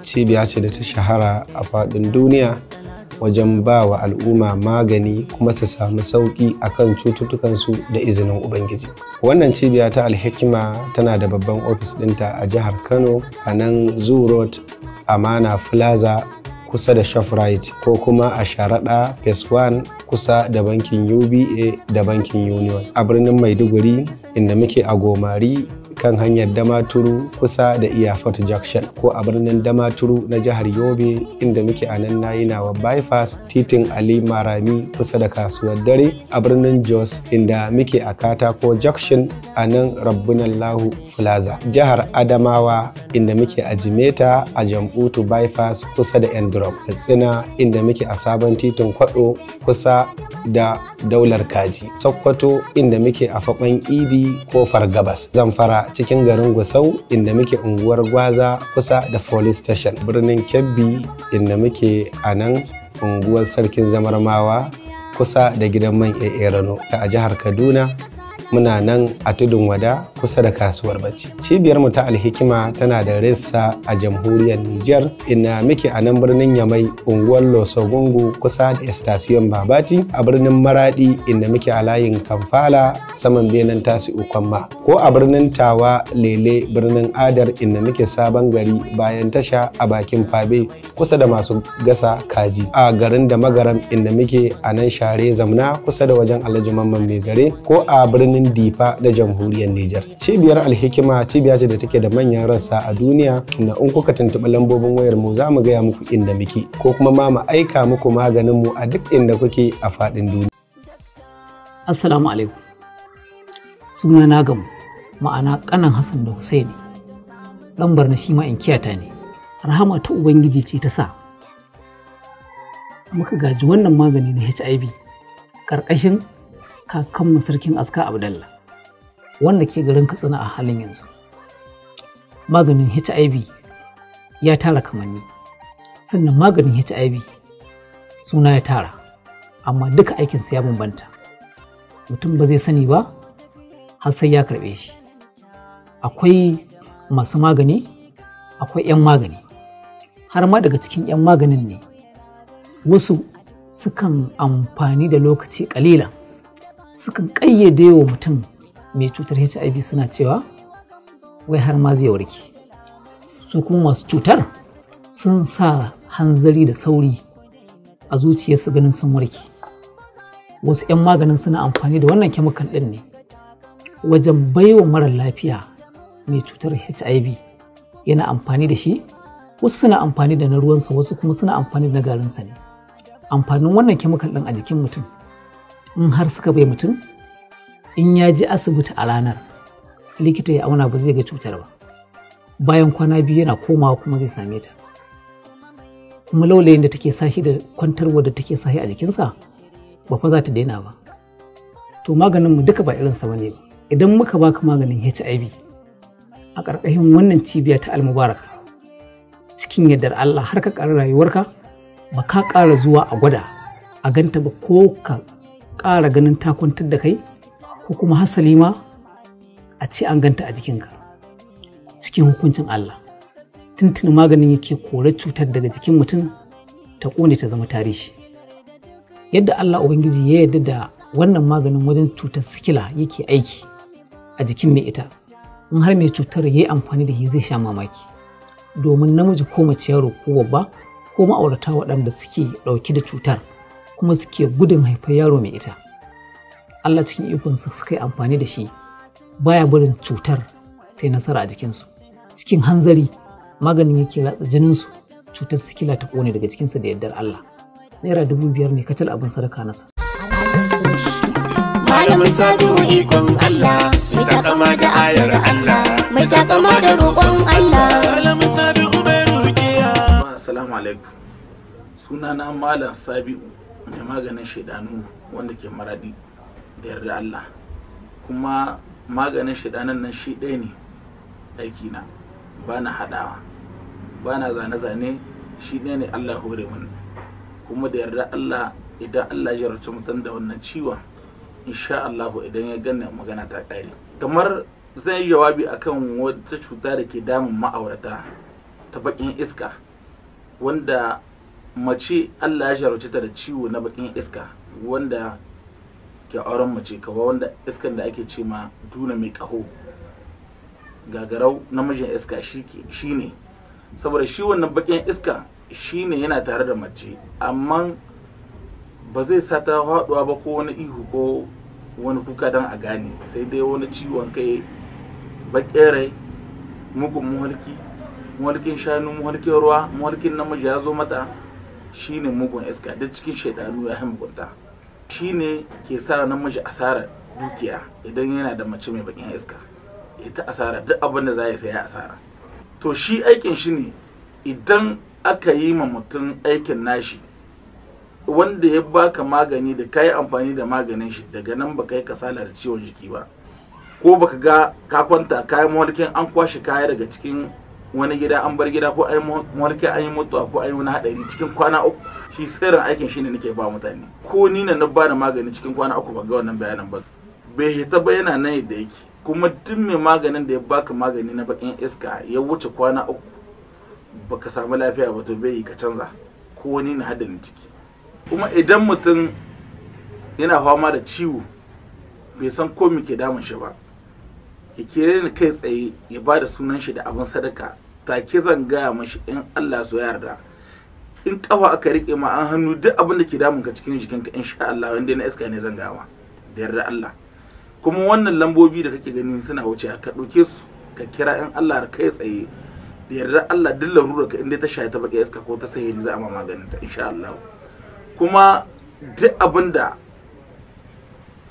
cibiya ce da ta shahara a faɗin duniya wajen ba wa al'umma magani kuma su samu sauƙi a kan cututtukansu da izinin ubangiji wannan cibiya ta alhikima tana da babban ofis ɗinta a jihar kano a nan zoo road amana plaza kusa da shoprite ko kuma a sharaɗa phase 1 kusa da bankin UBA da bankin Union a birnin Maiduguri inda muke a Gomari kan hanyar damaturu kusa da iyafort junction ko a birnin damaturu na jihar yobe inda muke a nan nayi nawa bypass titin ali marami kusa da kasuwar dare a birnin jos inda muke a katako junction a nan rabbunan lahu plaza jihar adamawa inda muke a jimeta a jam'utu bypass kusa da endrop tsina inda muke a sabon titin kwado kusa da daular kaji sokoto inda muke a faɓan idi kofar gabas zamfara cikin garin Gusau inda muke unguwar Gwaza kusa da police station birnin Kebbi inda muke a nan unguwar Sarkin Zamarmawa kusa da gidan man Rano a jihar Kaduna muna nan a tudun wada kusa da kasuwar bacci cibiyar mu ta alhikima tana da rissa a jamhuriyar nijar ina muke a nan birnin yamai unguwar losogungu kusa da estasiyon babati a birnin maradi inda muke a layin kamfala saman benen tasi ukwamma ko a birnin tawa lele birnin adar inda muke sabon gari bayan tasha a bakin fabe kusa da masu gasa kaji a garin da magaram inda muke a nan share zamna kusa da wajen alhaji mamman mai zare ko a birnin birnin Difa da jamhuriyar Nijar. Cibiyar Alhikima cibiya ce da take da manyan rassa a duniya na in kuka tuntuɓi lambobin wayar mu za mu gaya muku inda muke ko kuma ma mu aika muku maganin mu a duk inda kuke a faɗin duniya. Assalamu alaikum. Suna na gamu ma'ana kanan Hassan da Hussein, Lambar na shi ma in kiyata ne. Rahama ta Ubangiji ce ta sa muka gaji wannan magani na HIV ƙarƙashin kakanmu sarkin aska abdallah wanda ke garin katsina a halin yanzu maganin hiv ya tara kamanni sannan maganin hiv suna ya tara amma duka aikinsa ya bambanta mutum ba zai sani ba har sai ya karɓe shi akwai masu magani akwai 'yan magani har ma daga cikin 'yan maganin ne wasu sukan amfani da lokaci ƙalilan sukan ƙayyade wa mutum mai cutar hiv suna cewa wai har ma zai warke su kuma masu cutar sun sa hanzari da sauri a zuciyarsu ganin sun warke wasu 'yan maganin suna amfani da wannan kemikal ɗin ne wajen baiwa mara lafiya mai cutar hiv yana amfani da shi wasu suna amfani da na ruwansa wasu kuma suna amfani da na garinsa ne amfanin wannan kemikal ɗin a jikin mutum in har suka bai mutum in ya je asibiti a ranar likita ya auna ba zai ga cutar ba bayan kwana biyu yana komawa kuma zai same ta kuma laulayin da take sashi da kwantarwa da take sashi a jikinsa ba fa za ta daina ba to maganin mu duka ba irinsa ba ne idan muka baka maganin hiv a ƙarƙashin wannan cibiya ta almubaraka cikin yardar allah har ka ƙara rayuwarka ba ka ƙara zuwa a gwada a ganta ba ko ka ƙara ganin ta kwantar da kai ko kuma hasali ma a ce an ganta a jikinka cikin hukuncin Allah tuntun maganin yake kore cutar daga jikin mutum ta ƙone ta zama tarihi yadda Allah Ubangiji ya yarda da wannan maganin wajen cutar sikila yake aiki a jikin mai ita in har mai cutar ya yi amfani da shi zai sha mamaki domin namiji ko mace yaro ko babba ko ma'aurata waɗanda suke ɗauke da cutar kuma suke gudun haifar yaro mai ita Allah cikin ikonsa suka yi amfani da shi baya barin cutar ta yi nasara a jikinsu cikin hanzari maganin yake latsa jininsu cutar sikila ta kone daga cikinsa da yardar Allah naira dubu biyar ne kacal abin sadaka nasa malamin sadu ikon Allah mai takama da ayar Allah mai takama da roƙon Allah malamin rukiya assalamu alaikum sunana malam sabi'u mai maganin shaidanu wanda ke maradi da yarda Allah kuma maganin shaidanan nan shi ɗaya ne aikina ba na haɗawa ba na zane-zane shi ɗaya ne Allah hore mun kuma da yarda Allah idan Allah ya jarrace mutum da wannan ciwon insha Allah idan ya ganna magana ta ƙare kamar zan yi jawabi a kan wata cuta da ke damun ma'aurata ta bakin iska wanda mace Allah ya sharuce ta da ciwo na bakin iska wanda ke auren mace kawa wanda iskan da ake ce ma duna mai kaho gagarau namijin iska shi ne saboda shi wannan bakin iska shi ne yana tare da mace amma ba zai sa ta haɗuwa ba ko wani ihu ko wani kuka don a gane sai dai wani ciwon kai bakin rai mugun muhalki muhalkin shanu muhalkin ruwa muhalkin namiji ya zo mata shine mugun iska duk cikin shaidanu ya shi shine ke sa nan miji asarar dukiya idan yana da mace mai bakin iska ita asara duk abin da za ya saya asara to shi aikin shi ne idan aka yi ma mutum aikin nashi wanda ya baka magani da kayi amfani da maganin shi daga nan baka yi kasala da ciwon jiki ba ko baka ga ka kwanta kayan mawarkin an kwashe kaya daga cikin wani gida an bar gida ko a yi mulki an yi mutuwa ko a yi wani haɗari cikin kwana uku shi sirrin aikin shine nake ba mutane ko ni na na da magani cikin kwana uku ban ga wannan bayanan ba bai hita ba yana nan yadda yake kuma duk mai maganin da ya baka magani na bakin iska ya wuce kwana uku baka samu lafiya ba to bai yi ka canza ko wani na haɗarin ciki kuma idan mutum yana fama da ciwo bai san ko me ke damun shi ba ya kere ni kai tsaye ya bada sunan shi da abin sadaka take zan gaya mashi in Allah so yarda in kafa aka rike ma an hannu duk abin da ke damun ka cikin jikinka insha Allah wanda na iska ne zan gawa da yarda Allah kuma wannan lambobi da kake gani suna wuce ka ɗauke su ka kira in Allah ka kai tsaye da yarda Allah duk larura ka inda ta shaye ta baki iska ko ta sahiri za a ma maganin ta insha Allah kuma duk abin da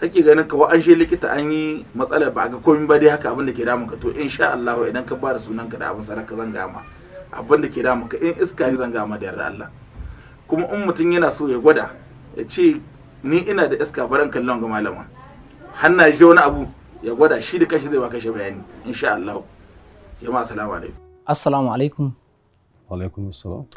kake ganin ka an shi likita an yi matsala ba ga komai ba dai haka abin da ke damu ka to insha Allah idan ka bada sunan ka da abin ka zan gama abin da ke damu ka in iska ne zan gama da yarda Allah kuma in mutum yana so ya gwada ya ce ni ina da iska baran kallon ga malama hanna ji wani abu ya gwada shi da kashi zai baka shi bayani insha Allah jama'a assalamu alaikum assalamu alaikum wa alaikum assalam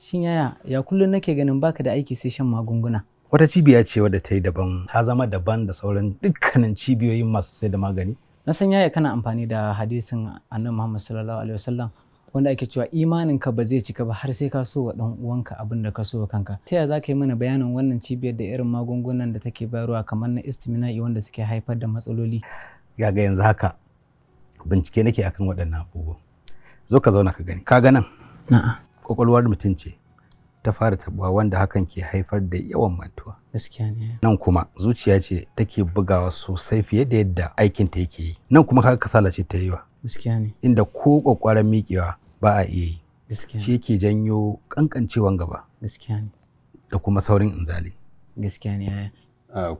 shin yaya ya kullun nake ganin baka da aiki sai shan magunguna wata cibiya ce wadda ta yi daban ta zama daban da sauran dukkanin cibiyoyin masu sai da magani na san yaya kana amfani da hadisin annabi Muhammad sallallahu alaihi wasallam wanda ake cewa imanin ka ba zai cika ba har sai ka so wa dan uwanka abin da ka so wa kanka ta yaya za ka yi mana bayanin wannan cibiyar da irin magungunan da take bayarwa kamar na istimina'i wanda suke haifar da matsaloli ga ga yanzu haka bincike nake akan waɗannan abubuwa zo ka zauna ka gani ka ga nan kwakwalwar mutum ce ta fara tabuwa wanda hakan ke haifar da yawan mantuwa. Gaskiya Nan kuma zuciya ce take bugawa sosai fiye da yadda aikin ta yake yi. Nan kuma kaga kasala ce ta yi wa. Inda ko kwakwaran miƙewa ba a iya yi. Shi yake janyo kankancewan gaba. Gaskiya Da kuma saurin inzali. Gaskiya ne.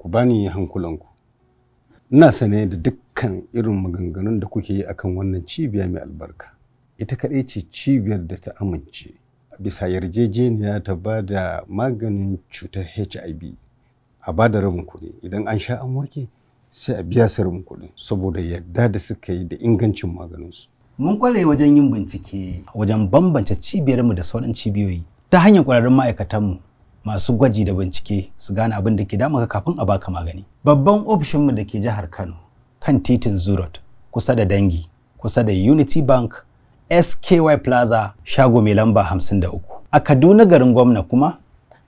Ku bani hankulanku. Ina sane da dukkan irin maganganun da kuke yi akan wannan cibiya mai albarka. Ita kaɗai ce cibiyar da ta amince. bisa yarjejeniya ta ba da maganin cutar hiv a ba da rabin kuɗi idan an sha an warke sai a biya su rabin kuɗi saboda yadda da suka yi da ingancin maganinsu mun kware wajen yin bincike wajen bambance cibiyarmu da sauran cibiyoyi ta hanyar ƙwararrun ma'aikatanmu masu gwaji da bincike su gane abin da ke damunka kafin a baka magani babban ofishinmu da ke jihar kano kan titin zurot kusa da dangi kusa da unity bank SKY Plaza shago mai lamba 53. A Kaduna garin gwamna kuma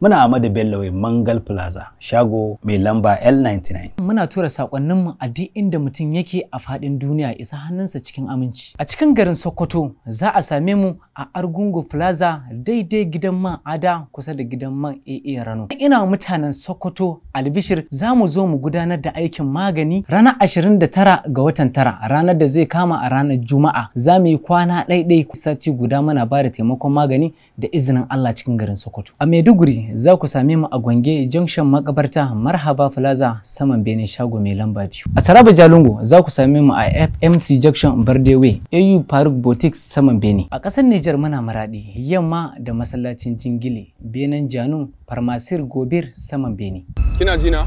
Muna Amadu Bello Mangal Plaza, shago mai lamba L99. Muna tura mu a duk inda mutum yake a faɗin duniya isa hannunsa cikin aminci. A cikin garin Sokoto za a same mu a Argungu Plaza daidai gidan man Ada kusa da gidan man AA Rano. Ina mutanen Sokoto Albishir za mu zo mu gudanar da aikin magani ranar 29 ga watan tara ranar da zai kama a ranar Juma'a. Za mu yi kwana ɗaiɗai ci guda muna ba da taimakon magani da izinin Allah cikin garin Sokoto. A Maiduguri za ku same mu a Gwange Junction makabarta Marhaba Plaza saman Benin Shago mai lamba biyu. A Taraba Jalingo za ku same mu a FMC Junction Bardewe AU Faruk Boutique saman Benin. A ƙasar niger muna Maradi yamma da masallacin Jingile Benin Janu Farmasir Gobir saman Benin. Kina jina?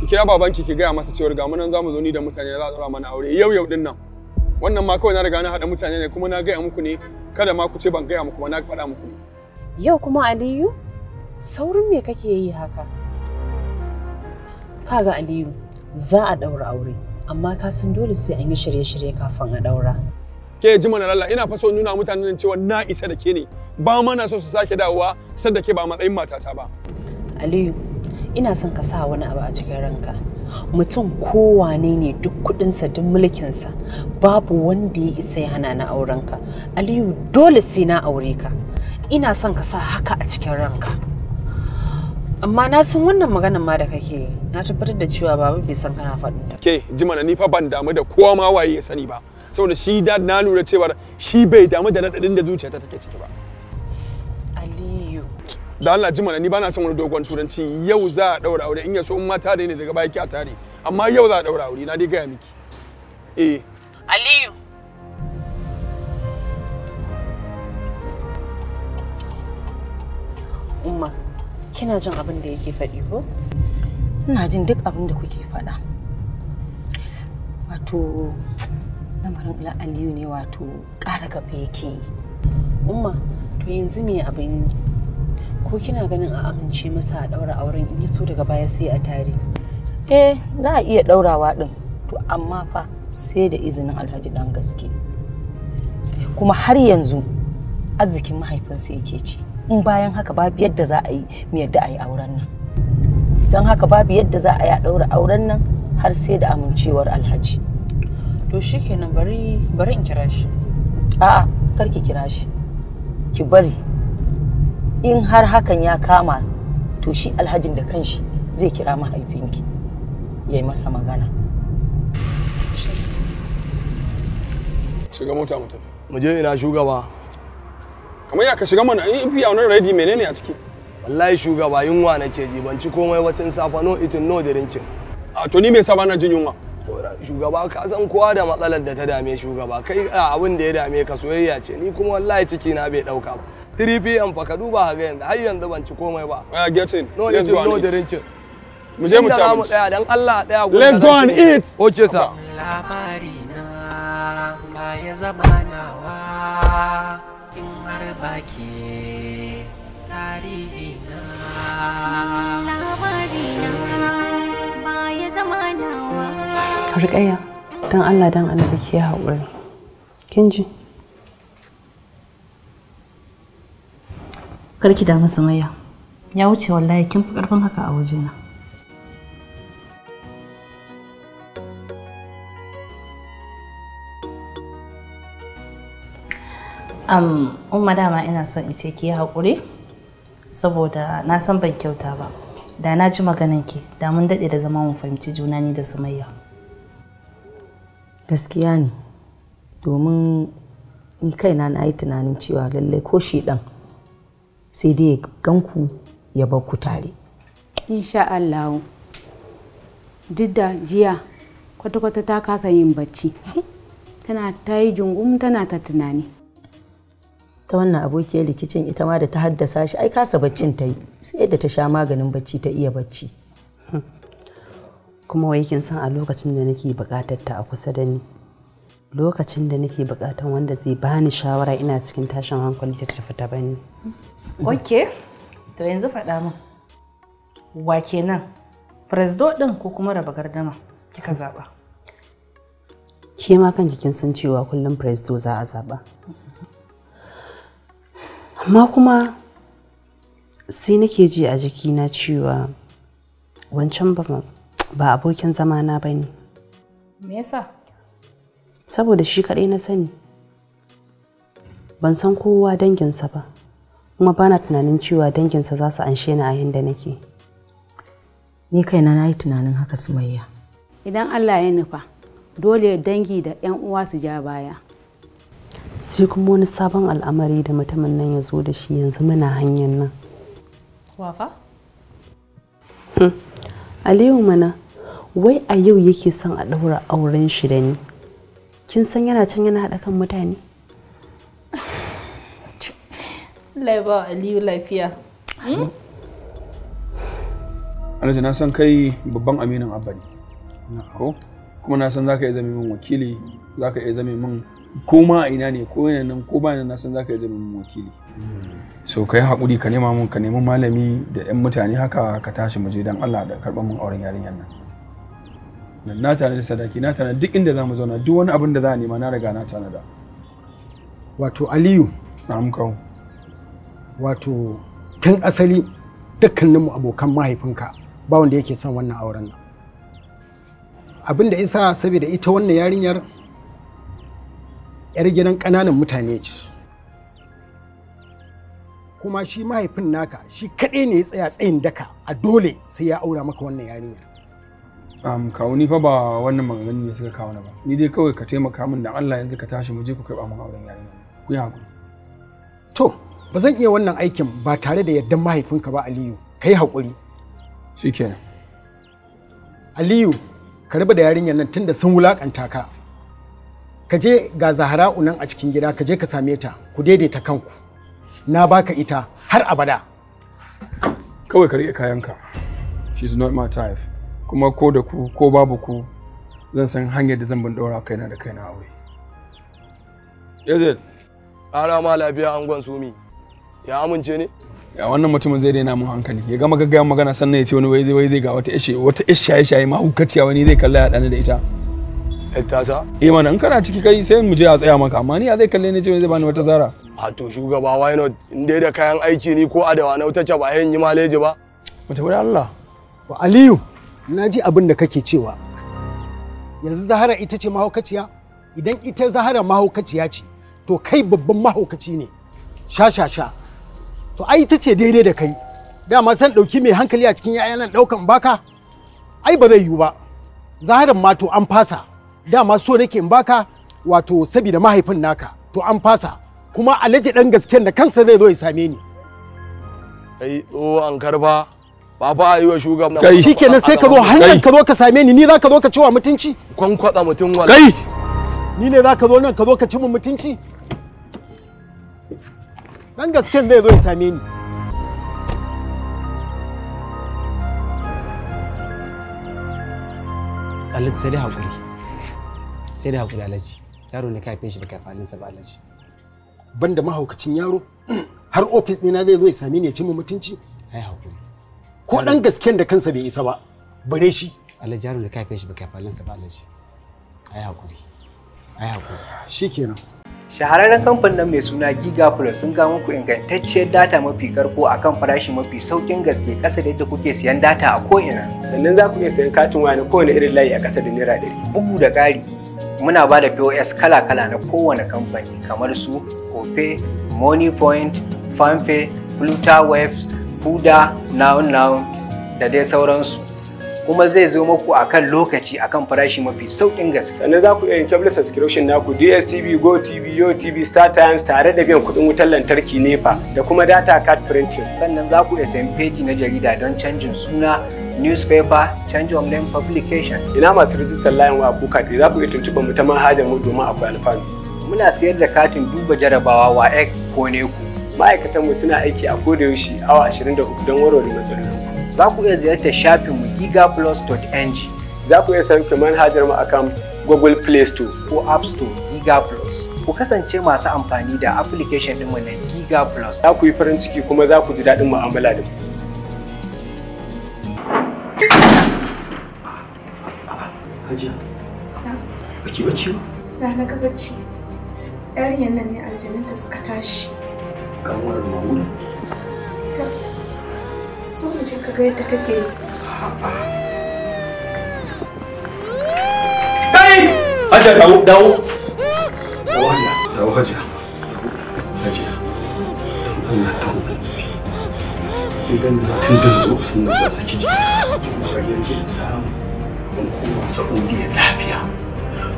Ki kira babanki ki gaya masa cewar ga mu nan zamu zo ni da mutane za su tsara mana aure yau yau din nan. Wannan ma kawai na riga na haɗa mutane ne kuma na gaya muku ne kada ma ku ce ban gaya muku ba na faɗa muku Yau kuma Aliyu Saurin me kake yi haka? Kaga Aliyu, za a ɗaura aure, amma ka san dole sai an yi shirye-shirye kafin a ɗaura. Ke ji mana lalla ina fa so nuna mutanen cewa na isa da ke ne. Ba ma na so su sake dawowa da ke ba matsayin matata ba. Aliyu, ina son ka sa wani abu a cikin ranka. Mutum kowane ne duk sa duk mulkinsa babu wanda ya isa ya hana na aurenka. Aliyu dole sai na aure ka. Ina son ka sa haka a cikin ranka. amma na san wannan maganar ma da kake na tabbatar da cewa baba bai san kana faɗin ta ke jimana ni fa ban damu da kowa ma waye ya sani ba saboda shi da na lura cewa shi bai damu da nadadin da ta take ciki ba aliyu da Allah jimana ni bana son wani dogon turanci yau za a daura aure in ya so in ma tare ne daga baya a tare amma yau za a daura aure na dai gaya miki eh aliyu umma Kina jin abin da yake faɗi ko? Ina jin duk abin da kuke faɗa. Wato lamarin Aliyu ne wato ƙara gaba yake yi. Umma, to yanzu me abin ko kina ganin a amince masa a ɗaura auren in so daga baya sai a tare? Eh, za a iya ɗaurawa ɗin, to amma fa sai da izinin Alhaji ɗan gaske. Kuma har yanzu arzikin mahaifinsa yake ci. in bayan haka babu yadda za a yi mu yadda a yi auren nan don haka babu yadda za a yi a ɗaura auren nan har sai da amincewar alhaji to shikenan bari bari in kira shi a'a kar ki kira shi ki bari in har hakan ya kama to shi alhajin da kanshi zai kira mahaifinki ya yi masa magana shiga mota mutum. mu je ina shugaba kamar ya ka shiga mana in fi wani ready menene a ciki wallahi shugaba yunwa nake ji ban ci komai watan safa no itin no drinking a to ni me saba na jin yunwa shugaba ka san kowa da matsalar da ta dame shugaba kai abin da ya dame ka soyayya ce ni kuma wallahi ciki na bai dauka ba 3 pm fa ka duba ga yanda har yanzu ban ci komai ba uh, get in no let's go no drinking mu je mu ci abinci daya dan Allah daya go let's go and eat okay sir labari na ba ya zama nawa kamar baki tarihi na labari na ba don allah don annabi kike haƙuri kinji karki da musu maya ya wuce wallahi kin fi karfin haka a wajena umma dama ina so in ce ki haƙuri saboda na san ban kyauta ba da na ji maganan ki da mun daɗe da zama mu fahimci juna ni da sumayya gaskiya ne domin ni kaina na yi tunanin cewa lallai ko shi ɗan sai dai ganku ya bar ku tare insha Allah duk da jiya kwata-kwata ta kasa yin bacci tana ta yi jungum tana ta tunani ta wannan abokiyar likicin ita ma da ta haddasa shi ai kasa baccin ta yi sai da ta sha maganin bacci ta iya bacci kuma wai kin san a lokacin da nake bukatar ta a kusa da ni lokacin da nake bukatar wanda zai bani shawara ina cikin tashin hankali ta tafi ta bani ok to yanzu faɗa min wa kenan presdo din ko kuma raba gardama kika zaba ke ma kanki kin san cewa kullum presdo za a zaba amma kuma sai nake ji a jikina cewa wancan ba abokin zamana ba ne me yasa saboda shi kaɗai na sani ban san kowa danginsa ba kuma bana tunanin cewa danginsa za su anshe ni a yadda nake ni kaina na yi tunanin haka sumayya idan allah ya nufa dole dangi da 'yan uwa su ja baya sai kuma wani sabon al'amari da mutumin nan ya zo da shi yanzu muna hanyar nan wafa hmm. aliyu mana wai a yau yake son a ɗaura auren shi da ni kin san yana can yana haɗa kan mutane laiba aliyu lafiya hmm? alhaji na san kai babban aminin abani ne ko kuma na san za ka iya zama min wakili za ka iya zama min ko ma a ina ne ko yana nan ko ba na san zaka yi zama wakili so ka yi ka nema mun ka nema malami da 'yan mutane haka ka tashi mu je dan Allah da karɓar mun auren yarinyar nan na tana da sadaki na tana duk inda za mu zauna duk wani abin da za a nema na riga na tana da wato aliyu na'am kawo wato tun asali dukkaninmu abokan mahaifinka ba wanda yake son wannan auren nan abin da isa saboda ita wannan yarinyar 'yar gidan ƙananan mutane ce kuma shi mahaifin naka shi kaɗai ne ya tsaya tsayin daka a dole sai ya aura maka wannan yarinyar um, kawo ni fa ba wannan maganganu ne suka kawo na ba ni dai kawai ka taimaka min da Allah yanzu ka tashi mu je ku karɓa mun auren yarinyar ku yi hakuri to ba zan iya wannan aikin ba tare da yardan mahaifinka ba Aliyu kai hakuri shikenan Aliyu ka raba da yarinyar nan tunda sun wulakanta ka ka je ga zahara'u nan a cikin gida ka je ka same ta ku daidaita kanku na baka ita har abada kawai ka rike kayanka she's not my type kuma ko da ku ko babu ku zan san hanyar da zan bin daura kaina da kaina aure yazid ara ma lafiya angon sumi ya amince ne ya wannan mutumin zai daina mun hankali ya gama gaggawa magana sannan ya ce wani wai zai ga wata ishe wata ishe shaye shaye ma hukaciya wani zai kalla ya dani da ita tasa eh mana kana ciki kai sai mu je a tsaya maka amma ni a zai kalle ni ce zai bani wata zara a to shugaba why not in dai da kayan aiki ni ko adawa na wata ba yin yi maleji ba wata wuri Allah wa Aliyu na ji abin da kake cewa yanzu Zahara ita ce mahaukaciya idan ita Zahara mahaukaciya ce to kai babban mahaukaci ne sha sha sha to ai ita ce daidai da kai dama san dauki mai hankali a cikin 'ya'yan nan daukan baka ai ba zai yiwu ba zaharan ma to an fasa dama so nake in baka wato saboda mahaifin naka to an fasa kuma alhaji dan gasken da kansa zai zo ya same ni ai o an karba ba fa ayi wa shugaban kai shikenan sai ka zo hanyar ka zo ka same ni ni za ka zo ka cewa mutunci kwankwada mutun wala kai ni ne za ka zo nan ka zo ka ci mun mutunci dan gasken zai zo ya same ni Alhaji sai dai hakuri sai da hakuri alaji yaro ne ka shi da baka falinsa ba alaji ban da mahaukacin yaro har ofis na zai zo ya sami ni ya cimma mutunci ai hakuri ko dan gasken da kansa bai isa ba bare shi alaji yaro ne ka shi da baka falinsa ba alaji ai hakuri ai hakuri shikenan shahararren kamfanin nan mai suna giga plus sun ga muku ingantacciyar data mafi karko akan farashi mafi saukin gaske kasa da yadda kuke siyan data a ko'ina sannan za ku iya sayan katin waya na kowane irin layi a kasa da naira ɗari bugu da ƙari muna ba da POS kala-kala na kowane kamfani kamar su Money Moneypoint, Fanfe, Flutterwaves, Huda, Now Now da dai sauransu. kuma zai zo muku akan lokaci akan farashi mafi sauƙin gaske. Sannan za ku iya yin cable subscription naku DSTV, GoTV, YoTV, StarTimes tare da biyan kuɗin wutar lantarki NEPA da kuma data card printing. Sannan za ku iya sayan peji na jarida don canjin suna newspaper, change of name publication. Ina masu rijistar layin wa ko kafi za ku iya tuntuɓa mu ta manhajar mu domin akwai alfanu. Muna sayar da katin duba jarabawa wa ek ko neku. Ma'aikatan mu suna aiki a kodayaushe awa hudu don warware matsalolin Za ku iya ziyartar shafin mu gigaplus.ng. Za ku iya sauke manhajar mu akan Google Play Store ko App Store Giga Plus. Ku kasance masu amfani da application ɗinmu na Giga Plus. Za ku yi farin ciki kuma za ku ji daɗin mu'amala da mu. Ki bacci Na bacci. nan ne aljanun da suka tashi. Kamar Mahmud? Ta. So mu je ka ga yadda take yi. Kai! Hajiya dawo, dawo. Dawo dawo Allah Idan zo sun da saki ga samu. Kuma lafiya.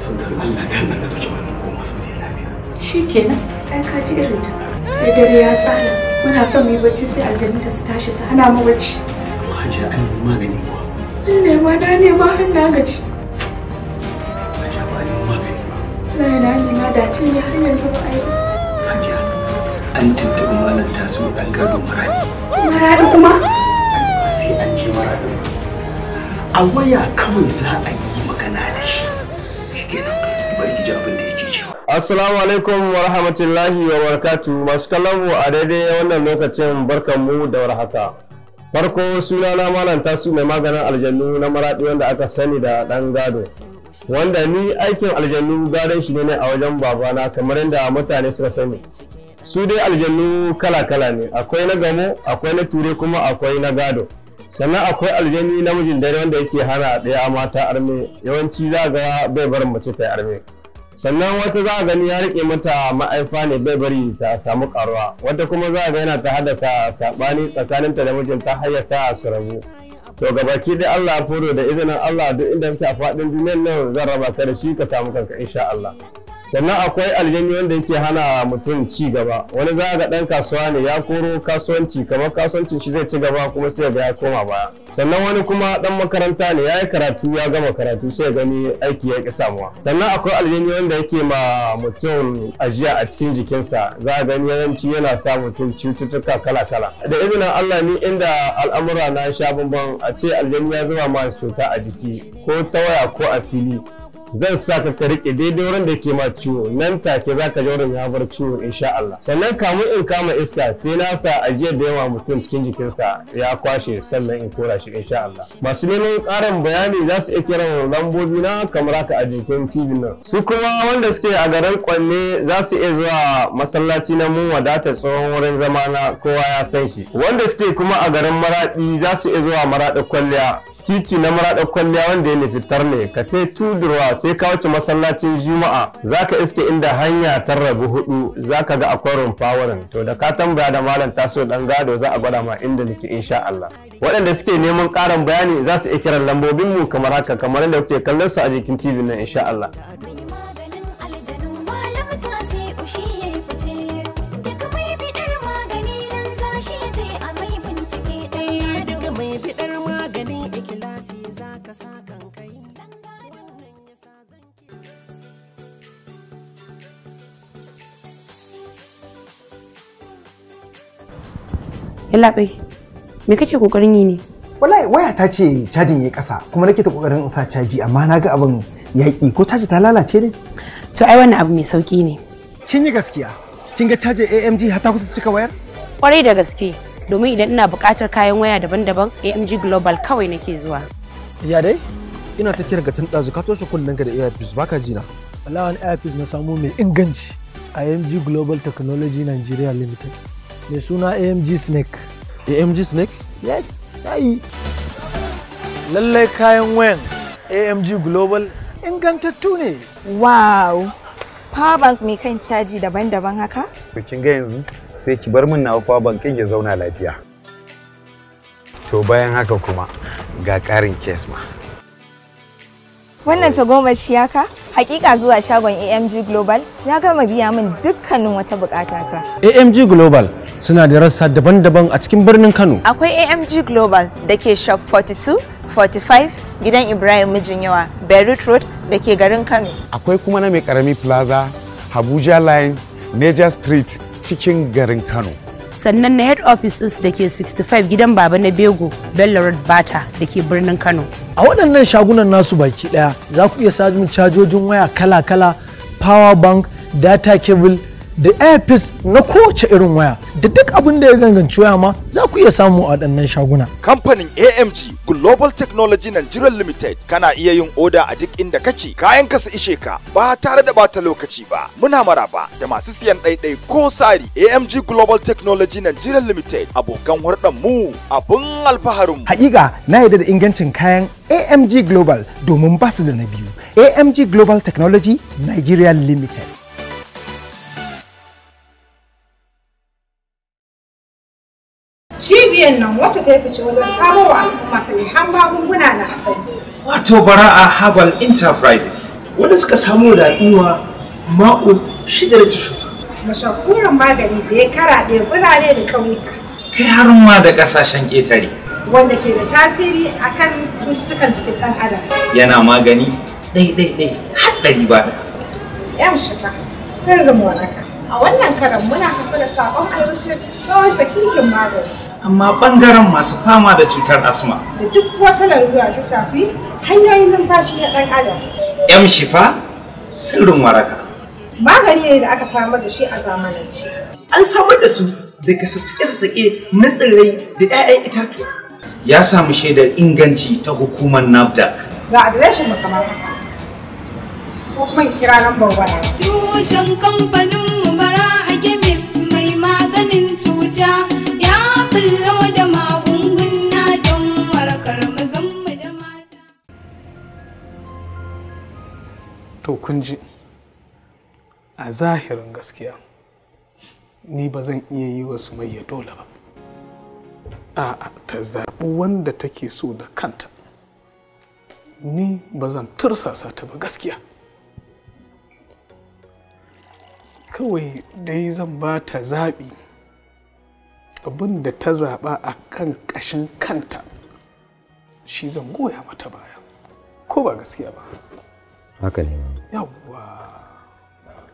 sannan Allah ya nuna miki wannan koma masu da lafiya shi kenan ai kaji irin ta sai dare ya tsara. muna son mu yi bacci sai aljanu su tashi su hana mu bacci amma hajiya an yi magani kuwa an nema na nema har na gaji Haja, ba ni magani ba na yana nema da ce ne har yanzu ba a yi hajiya an tuntuɓi malam tasiru ɗan gado maradi maradi kuma sai an je maradin a waya kawai za a yi kenan bari ki ji abin da yake cewa Assalamu alaikum wa rahmatullahi wa barakatu masu kallon mu a daidai wannan lokacin barkanmu da warhaka. Farko suna na Malam Tasu mai maganin aljannu na maraɗi wanda aka sani da ɗan gado. Wanda ni aikin aljannu gadon shi ne a wajen babana kamar yadda mutane suka sani. Su dai aljannu kala-kala ne, akwai na gamo, akwai na ture kuma akwai na gado. sannan akwai aljani namijin dare wanda yake hana ɗaya mata arme yawanci za ga bai barin mace ta arme sannan wata za a gani ya rike mata ma'aifa ne bai bari ta samu karuwa wata kuma za a ga yana ta haddasa saɓani tsakaninta da mijinta har ya sa su rabu to gabaki dai Allah ya furo da izinin Allah duk inda kake a faɗin duniyar nan zan raba ka da shi ka samu kanka insha Allah sannan akwai aljanyo wanda yake hana mutum ci gaba wani za ga dan kasuwa ne ya koro kasuwanci kamar kasuwancin shi zai ci gaba kuma sai ga ya koma baya sannan wani kuma dan makaranta ne ya yi karatu ya gama karatu sai ya gani aiki ya ki samuwa sannan akwai aljanyo wanda yake ma mutum ajiya a cikin jikinsa za a gani yawanci yana sa mutum cututtuka kala kala da izinin Allah ni inda al'amura na sha bambam a ce aljanyo ya zama ma cuta a jiki ko ta waya ko a fili zan sa ka ka rike daidai wurin da ke ma ciwo nan take za ka ya bar ciwo insha Allah sannan kamun in kama iska sai na sa ajiyar da yawa mutum cikin jikinsa ya kwashe sannan in kora shi insha Allah masu neman ƙarin bayani za su iya kiran lambobi na kamar haka a jikin TV nan su kuma wanda suke a garin Kwanne za su iya zuwa masallaci na mun wadata tsohon wurin zama na kowa ya san shi wanda suke kuma a garin Maraɗi za su iya zuwa Maraɗi kwalliya titi na Maraɗi kwalliya wanda ya nufi tarne ka tudurwa sai ka wuce masallacin juma'a zaka iske inda hanya ta rabu hudu zaka ga akwai rumfa wurin to da ka tambaya da malam taso dan gado za a gwada ma inda nake insha Allah waɗanda suke neman ƙarin bayani za su iya kiran lambobinmu kamar haka kamar yadda kuke kallon su a jikin TV na, insha Allah yallaɓai me kake kokarin yi ne wallahi waya ta ce cajin ya kasa kuma nake ta kokarin in sa caji amma na ga abin yaƙi ko caji ta lalace ne to ai wannan abu mai sauki ne kin yi gaskiya kin ga cajin AMG har ta kusa cika wayar kwarai da gaske domin idan ina buƙatar kayan waya daban-daban AMG Global kawai nake zuwa ya dai ina ta kiran ga tun ɗazu ka toshe kunnen ka da ba baka ji na wallahi wani AirPods na samu mai inganci AMG Global Technology Nigeria Limited mai suna amg snake amg snake yes yayi lallai kayan wayan amg global ingantattu ne wow power bank mai kan caji daban-daban haka? bikin ga yanzu sai ki bar min nawa power bank ya zauna lafiya to bayan haka kuma ga ƙarin kesma. ma Wannan ta tagomashi ka hakika zuwa shagon AMG Global ya gama biya min dukkanin wata bukata ta AMG Global suna da rassa daban-daban a cikin birnin Kano. Akwai AMG Global da ke shop 42, 45 gidan Ibrahim Mijinyawa, Beirut Road da ke garin Kano. Akwai kuma na mai karami plaza, Habuja Line, Niger Street cikin garin Kano. sannan na head office ɗin da ke 65 gidan baba na bego bello road bata da ke birnin kano a waɗannan shagunan nasu baki ɗaya za ku iya samun cajojin waya kala-kala power bank data cable da airpiece na kowace irin waya da duk abin da ya ganganci waya ma za ku iya samu a waɗannan shaguna. Kamfanin AMG Global Technology Nigeria Limited kana iya yin oda a duk inda kake kayan kasa ishe ka ba tare da bata lokaci ba. Muna maraba da masu siyan ɗaiɗai ko sari AMG Global Technology Nigeria Limited abokan hurɗar mu abun alfaharin. Hakika na yarda da ingancin kayan AMG Global domin basu da na biyu. AMG Global Technology Nigeria Limited. giyan nan wacce ta yi fice wajen samar wa al'umma sahihan magunguna na asali. Wato Bara'a Herbal Enterprises wanda suka samu da al'umma ma'o shida da tushuka. Mashakuran magani da ya karaɗe birane da ƙauyuka. Kai harin ma da ƙasashen ƙetare. Wanda ke da tasiri akan cututtukan jikin ɗan adam. Yana magani ɗai-ɗai-ɗai har ɗari ba da. Yan shiga sirrin waraka. A wannan karan muna tafi da saƙon albishir kawai sakikin magani. amma ɓangaren masu fama da cutar asma. Da duk wata larura ta shafi hanyoyin numfashi na ɗan adam. ‘Yan shifa sirrin waraka. Magani ne da aka samar da shi a zamanance. An samar da su daga sassaƙe-sassaƙe na tsirrai da 'ya'yan itatuwa. Ya samu shaidar inganci ta hukumar NAFDAC. Ga adireshin mu kamar haka. Ko kuma kira nan bambara. Tushen kamfanin mu bara a chemist mai maganin cuta. bullo da magunguna don warakar mazanmu da mata. To kun ji a zahirin gaskiya ni ba zan iya yi wa sumayya dole ba. A'a ta zaɓi wanda take so da kanta. Ni ba zan tursasa ta ba gaskiya. Kawai dai zan ba ta zaɓi abin da ta zaɓa a kan ƙashin kanta shi zan goya mata baya ko ba gaskiya ba haka ne yawwa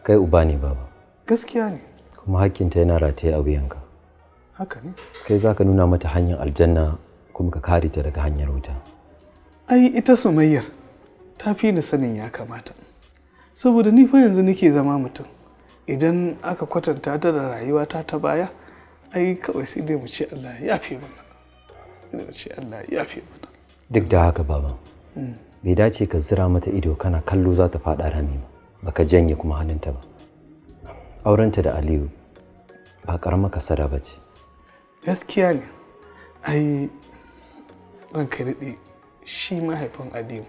kai uba ne baba gaskiya ne kuma hakkinta yana rataye a wuyanka haka ne kai za ka nuna mata hanyar aljanna kuma ka kare ta daga hanyar wuta ai ita sumayyar ta fi ni sanin ya kamata saboda ni fa yanzu nake zama mutum idan aka kwatanta ta da rayuwata ta baya ai kawai sai dai mu ce Allah ya fi mana sai mu ce Allah ya fi mana duk da haka baba hmm. bai dace ka zira mata ido kana kallo za ta faɗa rami ba baka janye kuma hannunta ba aurenta da Aliyu ba karamar kasada ba ce gaskiya ne ai ranka daɗe shi mahaifin Aliyu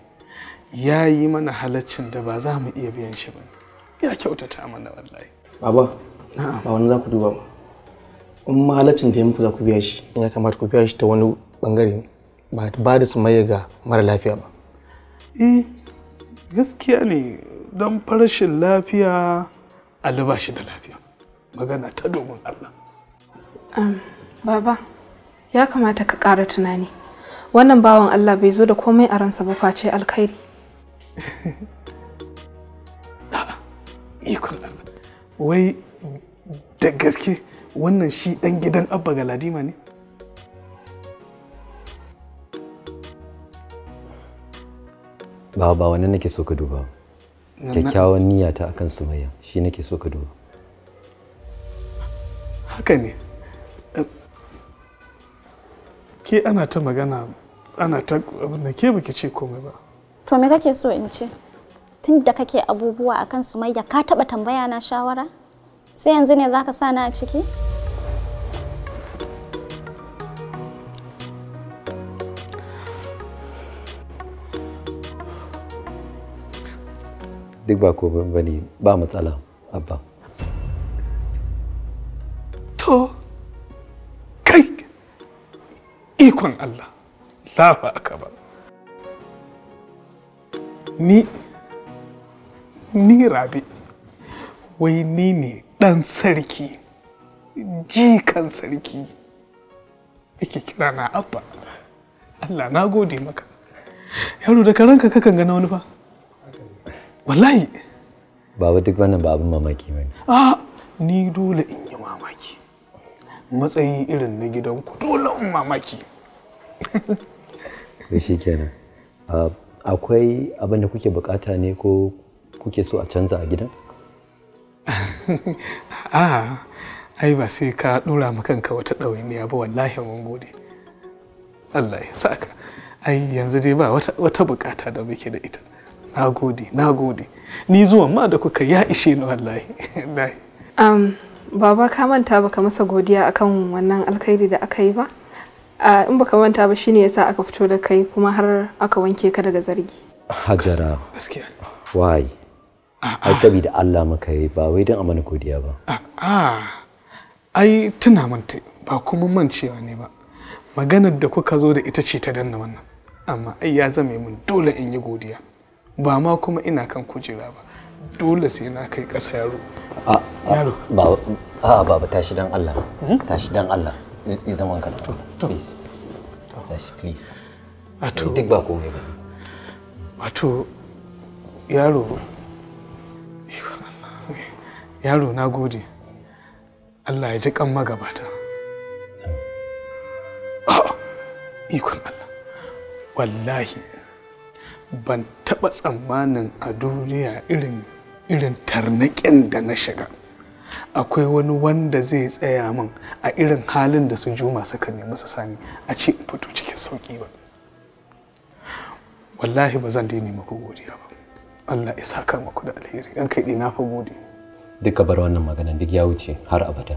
ya yi mana halaccin da ba za mu iya biyan shi ba ya kyautata mana wallahi baba ba wani za ku duba ba in ma halaccin da ya muku za ku biya shi ya kamata ku biya shi ta wani bangare ne ba ba da su maye ga mara lafiya ba eh gaskiya ne don farashin lafiya alba shi da lafiya magana ta domin Allah baba ya kamata ka ƙara tunani wannan bawan Allah bai zo da komai a ransa ba face alkhairi ikon wai da gaske wannan shi ɗan gidan abba galadima ne ba ba wannan nake so ka duba kyakkyawan niyya ta akan sumayya shi nake so ka duba haka ne ke ana ta magana ana ta abin da ke baki ce komai ba to me kake so in ce tun da kake abubuwa akan sumayya ka taba tambaya na shawara sai yanzu ne za ka sa na a ciki? duk ba ko ba ne ba matsala abba to kai ikon allah lafa aka ba ni ni rabi wai ni ne ɗan sarki jikan sarki yake kira na abba Allah na gode maka yaro da karanka kakan gana wani fa wallahi baba duk wannan ba abin mamaki bane a ni dole in yi mamaki matsayi irin na gidan ku dole in mamaki to shikenan akwai abin da kuke bukata ne ko kuke so a canza a gidan ah, ai ba sai ka dora ma kanka wata ɗawainiya ba wallahi mun gode Allah ya saka ai yanzu dai ba wata bukata da muke da ita na gode na gode ni zuwan ma da kuka ya ishe ni wallahi um, baba ka manta baka masa godiya akan wannan alkhairi da aka yi ba in baka manta ba shine yasa aka fito da kai kuma har aka wanke ka daga zargi hajara gaskiya why ai saboda Allah maka yi ba wai don a mana godiya ba ai tuna manta ba kuma mancewa ne ba maganar da kuka zo da ita ce ta danna wannan amma ai ya zame min dole in yi godiya ba ma kuma ina kan kujera ba dole sai na kai ƙasa yaro yaro ba ba ba tashi dan Allah hmm? tashi dan Allah yi zaman ka please tashi please to. duk ba komai ba to. yaro yaro na gode allah ya ji kan magabata ah, ikon allah wallahi ban taɓa tsammanin a duniya irin irin tarnaƙin da na shiga akwai wani wanda zai tsaya min a irin halin da su juma suka nemi su sani a ce in fito cikin sauƙi ba wallahi ba zan daina maka godiya ba Allah ya saka maku da alheri Yan kai na fa gode duka bar wannan magana duk ya wuce har abada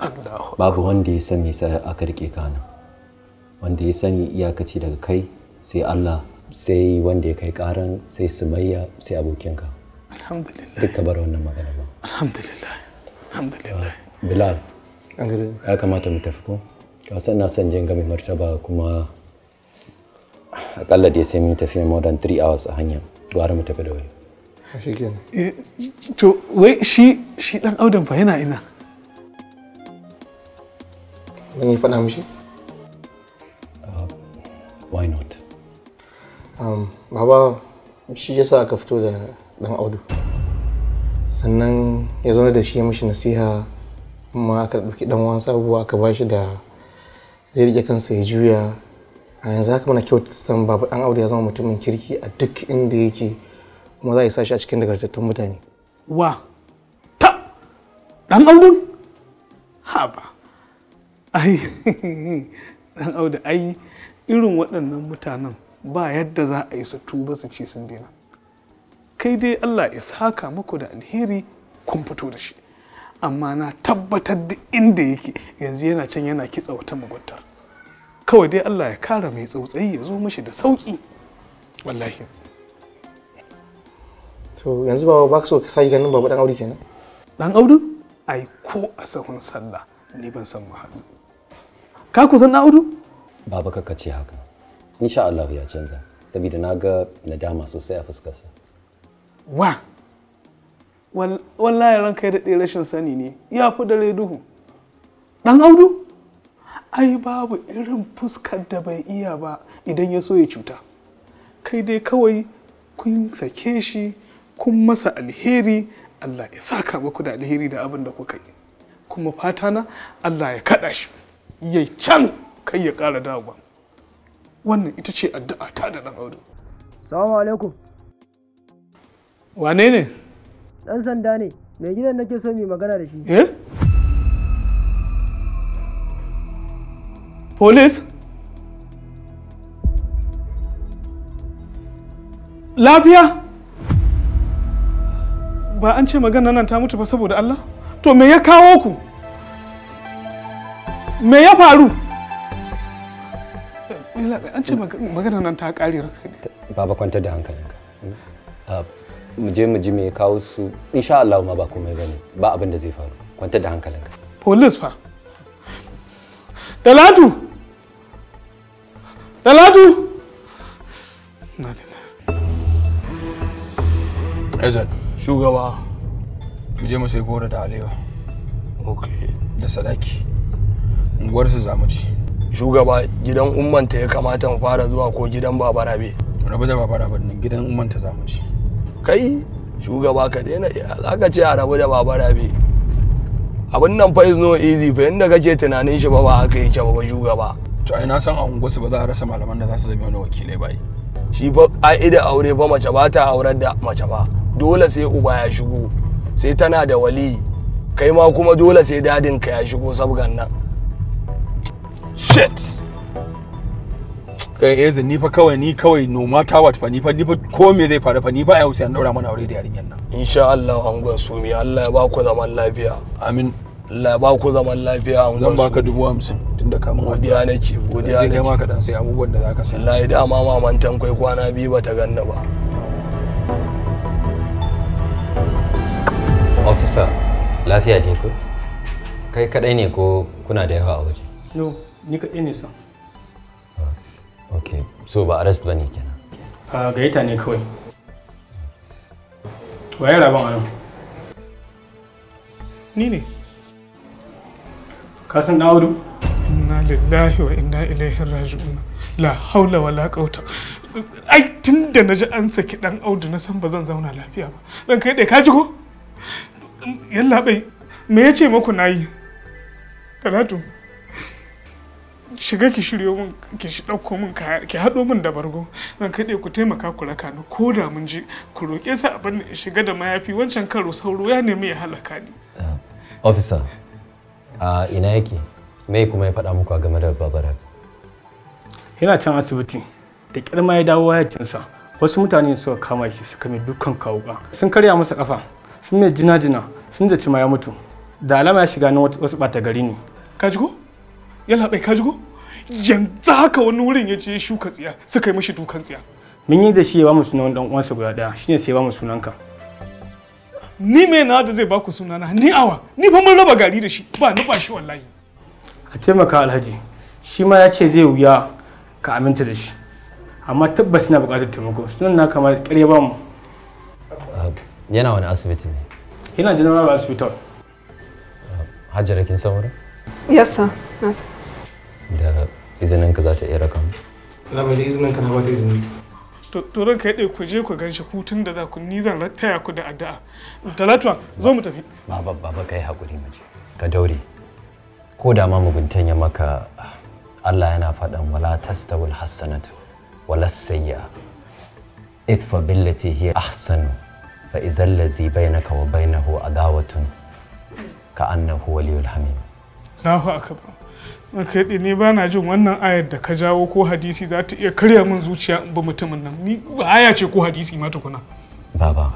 Allah babu wanda ya san sai a aka rike ka nan wanda ya sani iyakaci daga kai sai Allah sai wanda ya kai karan sai sumayya sai abokinka alhamdulillah duka bar wannan magana ba alhamdulillah alhamdulillah ah, bilal ya kamata mu tafi ko ka san na san jin mai martaba kuma akalla dai sai mun tafi more than 3 hours a hanya gwara mu tafi da wani shi kenan eh, to wai shi shi dan audan fa yana ina zan yi faɗa mishi ah, why not um, baba shi yasa aka fito da dan audu sannan ya zauna da shi ya mishi nasiha kuma aka ɗauki ɗan wasa abubuwa aka bashi da zai riƙe kansa ya juya a yanzu haka muna kyautar babu dan aure ya zama mutumin kirki a duk inda yake kuma za a yi sashi a cikin dagartattun mutane wa ta dan aure ha ba ai dan aure ai irin waɗannan mutanen ba yadda za a yi su tuba su ce sun daina kai dai Allah ya saka muku da alheri kun fito da shi amma na tabbatar da inda yake yanzu yana can yana kitsa wata muguntar kawai dai Allah ya kara mai tsautsayi ya zo mashi da sauki wallahi to yanzu ba ba so ka sai ganin babu dan aure kenan dan aure ai ko a sahun sallah ne ban san muhalli ka ku san audu baba kaka ce haka insha Allah ya canza saboda na ga nadama sosai a fuskarsa wa wallahi ranka ya daɗe rashin sani ne ya fi dare duhu dan audu ai babu irin fuskar da bai iya ba idan ya so ya cuta kai dai kawai kun sake shi kun masa alheri allah ya saka muku da alheri da abin da kuka yi kuma fata na allah ya kaɗa shi ya can kai ya ƙara dawowa wannan ita ce addu'a ta da nan aure. salamu alaikum wane ne ɗan sanda ne mai gidan nake so mai magana da shi eh polis Lafiya? Ba an ce magana nan ta mutu ba saboda Allah? To me ya kawo ku? Me ya faru? An ce magana nan ta ƙare Baba kwantar da hankalinka. Mu je mu ji me ya kawo su, insha Allah ma ba komai bane, ba abin da zai faru. Kwantar da hankalinka. Police fa? Talatu! Talatu! Ezad, shugaba. Mu je mu sai goro da alewa. Ok. Da sadaki. Unguwar su zamu ci. Shugaba gidan ummanta ya kamata mu fara zuwa ko gidan Baba babarabe. Rabu da Baba babarabe ne, gidan ummanta zamu ci. Kai shugaba ka daina iya za ka ce a rabu da Baba babarabe. Abin nan fa is no easy fa inda kake tunanin shi ba ba haka yake ba shugaba. to ai na san a unguwarsu ba za a rasa malaman da za su zama wani wakilai ba shi ba ka'ida aure ba mace ba ta aurar da mace ba dole sai uba ya shigo sai tana da wali kai ma kuma dole sai dadin ka ya shigo sabgan nan shit kai eh ni fa kawai ni kawai no mata what fa ni fa ni fa ko me zai faru fa ni fa yau sai an daura mana aure da yarinyar nan insha Allah an gwan su Allah ya ba ku zaman lafiya amin Allah ba ku zaman lafiya a unguwar su. baka dubu hamsin tunda ka mun godiya nake godiya nake. Kai ka dan sai abubuwan da zaka sai. Wallahi ma maman tankwai kwana biyu bata ganna ba. Officer, lafiya ne ko? Kai kadai ne ko kuna da yawa a waje? No, ni kadai ne sa. Okay, so ba arrest bane kenan. A gaita ne kawai. ai rabon anan? Ni ne. ka san dawudu inna lillahi wa inna ilaihi raji'un la haula wa la qauta ai tunda naji an saki dan audu na san ba zan zauna lafiya ba dan kai dai ka ji ko yalla bai me yace muku nayi talatu shiga ki shiryo min ki dauko min kaya ki hado min da bargo dan kai ku taimaka ku raka ni ko da mun ji ku roke sa abin shiga da mayafi wancan karo sauro ya nemi ya halaka ni officer a ina yake me kuma ya faɗa muku game da babarak yana can asibiti da kirma ya dawo sa wasu mutane suka kama shi suka mai dukkan kawuka sun karya masa kafa sun mai jina-jina sun zaci ma ya mutu da alama ya shiga na wasu ɓata gari ne kajigo ya kajigo yanzu haka wani wurin ya ce shuka tsiya suka yi mishi dukan tsiya mun yi da shi ya ba mu sunan dan uwansa guda daya shine sai ya ba mu sunanka ni mai na da zai baku sunana ni awa ni fa mun raba gari da shi ba na ba shi wallahi a taimaka alhaji shi ma ya ce zai wuya ka aminta da shi amma tabbas na buƙatar taimako sunan na kamar ƙarya ba mu ah, yana wani asibiti ne yana general hospital ah, hajjara kin san wurin yes sir da izinin ka za ta iya raka mu na ba da izinin ka na ba da izinin to ranka ya ku je ku ganshi ku tun da za ku ni zan taya ku da addu'a talatuwa zo mu tafi baba baba kai hakuri mu je ka daure ko da ma muguntan ya maka Allah yana faɗan wala tastawil hasanatu wala sayya idfa billati hi ahsanu fa izal ladzi bainaka wa bainahu adawatun ka annahu waliyul hamim Allahu akbar kai ɗi ba na jin wannan ayar da ka jawo ko hadisi za ta iya karya min zuciya in ba mutumin nan ni ba aya ce ko hadisi ma tukuna baba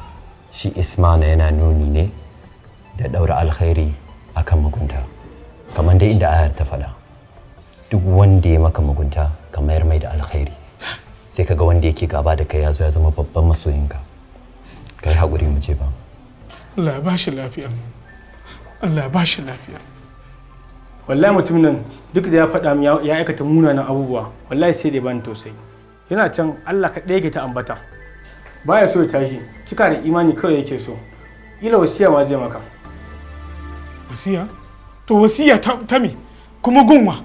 shi ismana yana nuni ne da ɗaura alkhairi akan mugunta kamar dai inda ayar ta faɗa duk wanda ya maka mugunta ka mayar mai da alkhairi sai kaga wanda yake gaba da kai ya zo ya zama babban masoyinka kai haƙuri mu ce ba Allah ba shi lafiya Allah ba shi lafiya wallahi mutum nan duk da ya faɗa min ya aikata munanan abubuwa wallahi sai da bani tausayi yana can Allah ka ɗaya ta ambata baya so ya tashi cika da imani kawai yake so ila wasiya ma zai maka wasiya to wasiya ta, ta me kuma gunwa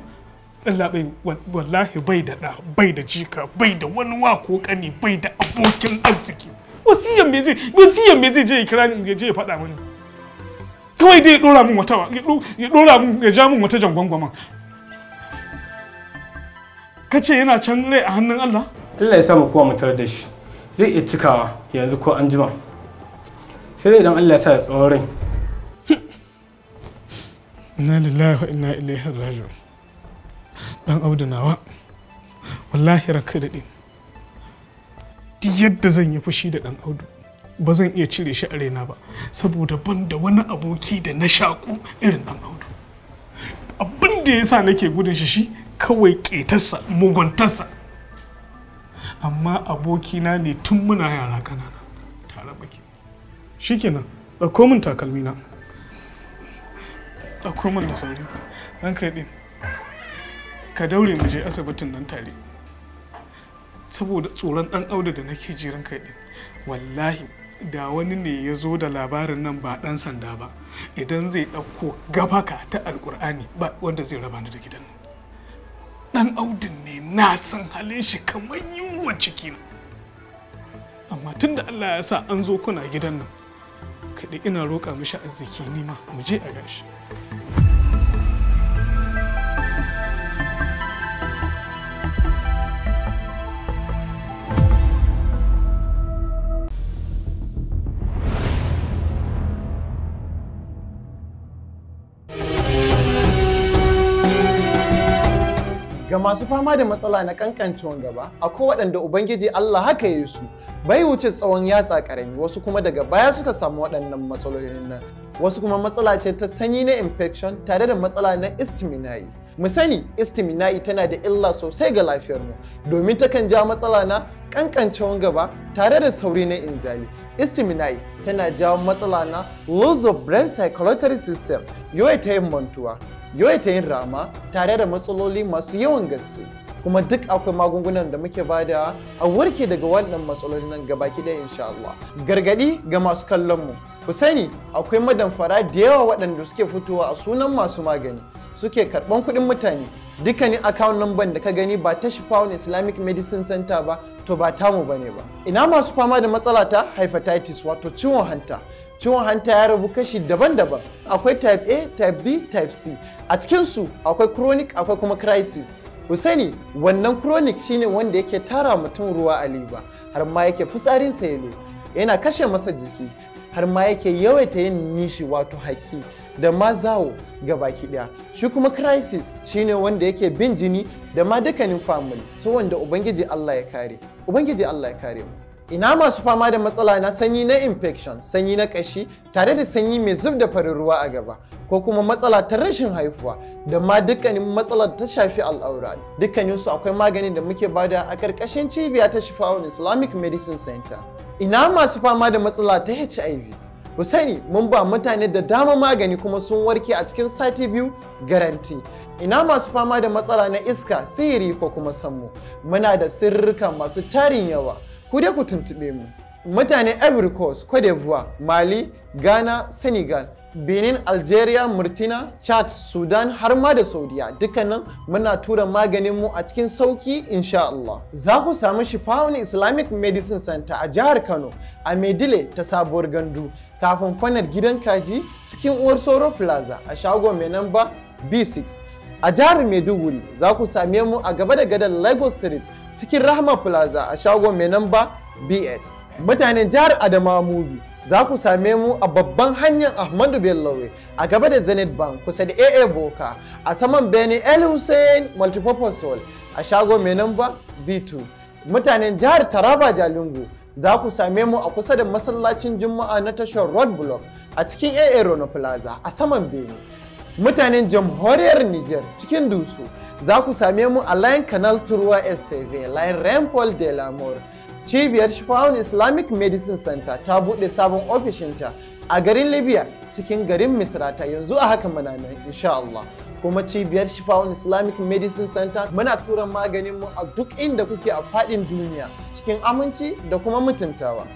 Allah bai wallahi bai da ɗa bai da jika bai da wani wa ko kani bai da abokin arziki wasiyan me zai wasiyan me zai je kira ni je ya faɗa mani kawai dai ya dora min wata ya dora min ya ja min wata jangwangwama kace yana can rai a hannun Allah Allah ya sa mu kowa mu tarar da shi zai iya cikawa yanzu ko an jima sai dai idan Allah ya sa ya tsawon rai inna lillahi wa inna ilaihi raji'un dan audu nawa wallahi ranka daɗe duk yadda zan yi fushi da dan audu ba zan iya cire shi a raina ba saboda ban da wani aboki da na shaku irin dan audu abin da ya sa nake gudun shi shi kawai ƙetarsa muguntarsa amma abokina ne tun muna yara ƙanana tare baki shikenan ɗauko min takalmina ɗauko min da sauri ɗan kai ka daure mu je asibitin nan tare saboda tsoron ɗan audu da nake jiran kai ɗin wallahi da wani ne ya zo da labarin nan ba ɗan sanda ba idan zai ɗauko gabaka ta alkur'ani ba wanda zai raba ni da gidan ɗan audin ne na san halin shi kamar yunwa ciki na amma tun da allah ya sa an zo kuna gidan nan kaɗai ina roƙa mishi arziki nima mu je a gashi Ga masu fama da matsala na kankancewan gaba, akwai waɗanda Ubangiji Allah haka ya yi su, bai wuce tsawon yatsa ƙarami, wasu kuma daga baya suka samu waɗannan matsalolin nan. Wasu kuma matsala ce ta sanyi na infection tare da matsala na istiminai. Mu sani istiminai tana da illa sosai ga lafiyarmu, domin takan ja matsala na kankancewan gaba tare da sauri na injali. Istiminai tana jawo matsala na loss of brain circulatory system, yawaita yin mantuwa, Yau yawaita yin rama tare da matsaloli masu yawan gaske kuma duk akwai magungunan da muke bada a warke daga wannan matsalolin nan gabaki ɗaya insha Allah gargadi ga masu kallon mu ku sani akwai madamfara da yawa waɗanda suke fitowa a sunan masu magani suke karɓan kuɗin mutane dukkanin account number da ka gani ba ta Shifawun Islamic Medicine Center ba to ba tamu bane ba ina masu fama da matsala ta hepatitis wato ciwon hanta ciwon hanta ya rabu kashi daban-daban akwai type a type b type c a cikinsu akwai chronic akwai kuma crisis Ku sani wannan chronic shine wanda yake tara mutum ruwa a liba har ma yake fitsarin yalo yana kashe masa jiki har ma yake yawaita yin nishi wato haki da ma zawo ga baki daya shi kuma crisis shine wanda yake bin jini da ma dukkanin family so wanda ubangiji Allah ya kare ubangiji Allah ya kare mu ina masu fama da matsala na sanyi na infection sanyi na kashi tare da sanyi mai zub da farin ruwa a gaba ko kuma matsala ta rashin haihuwa da ma dukkanin matsalar ta shafi al'aura dukkaninsu akwai maganin da muke bada a karkashin cibiya ta shifa'un islamic medicine center ina masu fama da matsala ta hiv ku sani mun ba mutane da dama magani kuma sun warke a cikin sati biyu garanti ina masu fama da matsala na iska sihiri ko kuma sammu muna da sirrika masu tarin yawa ku dai ku tuntuɓe mu mutane ivory coast cote d'ivoire mali ghana senegal benin algeria murtina chad sudan har ma da saudiya dukkanin muna tura maganin mu a cikin sauki insha Allah za ku samu shifawan islamic medicine center a jihar kano a medile ta sabuwar gandu kafin fanar gidan kaji cikin uwar soro plaza a shago mai namba b6 a jihar maiduguri za ku same mu a gaba da gadar lagos street cikin Rahma Plaza a shagon mai namba B8. Mutanen jihar adama Mubi za ku same mu a babban hanyar Ahmadu Bellowe a gaba da Zenith Bank kusa da AA Boka a saman bene El Hussein Multipurpose Hall a shagon mai namba B2. Mutanen jihar Taraba Jalingo za ku same mu a kusa da masallacin Juma'a na tashar Road Block a cikin AA Rono Plaza a saman bene. Mutanen jamhuriyar Niger cikin Dusu za ku same mu a Line Canal Turwa STV, Line Rainfall de l'Amour. Cibiyar Shifa'un Islamic Medicine Center ta buɗe sabon ofishinta a garin Libya cikin garin Misrata yanzu a haka muna nan insha Allah. Kuma cibiyar Shifa'un Islamic Medicine Center muna tura maganinmu a duk inda kuke a faɗin duniya cikin aminci da kuma mutuntawa.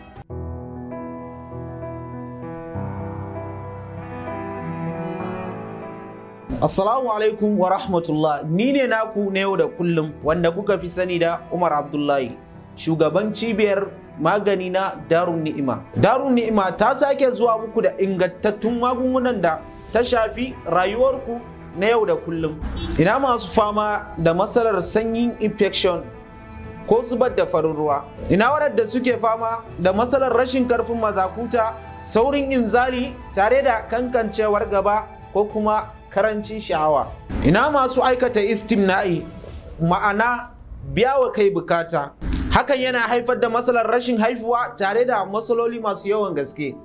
Assalamu alaikum wa rahmatullah ni ne naku na yau da kullum wanda kuka fi sani da Umar Abdullahi shugaban cibiyar magani na Darun Ni'ima. Darun Ni'ima ta sake zuwa muku da ingantattun magungunan da ta shafi rayuwarku na yau da kullum. Ina masu fama da matsalar sanyin infection ko zubar da farin ruwa. Ina waɗanda suke fama da matsalar rashin karfin mazakuta, saurin inzali tare da kankancewar gaba ko kuma karancin sha'awa ina masu aikata istimna'i ma'ana biyawa kai bukata hakan yana haifar da matsalar rashin haihuwa tare da matsaloli masu yawan gaske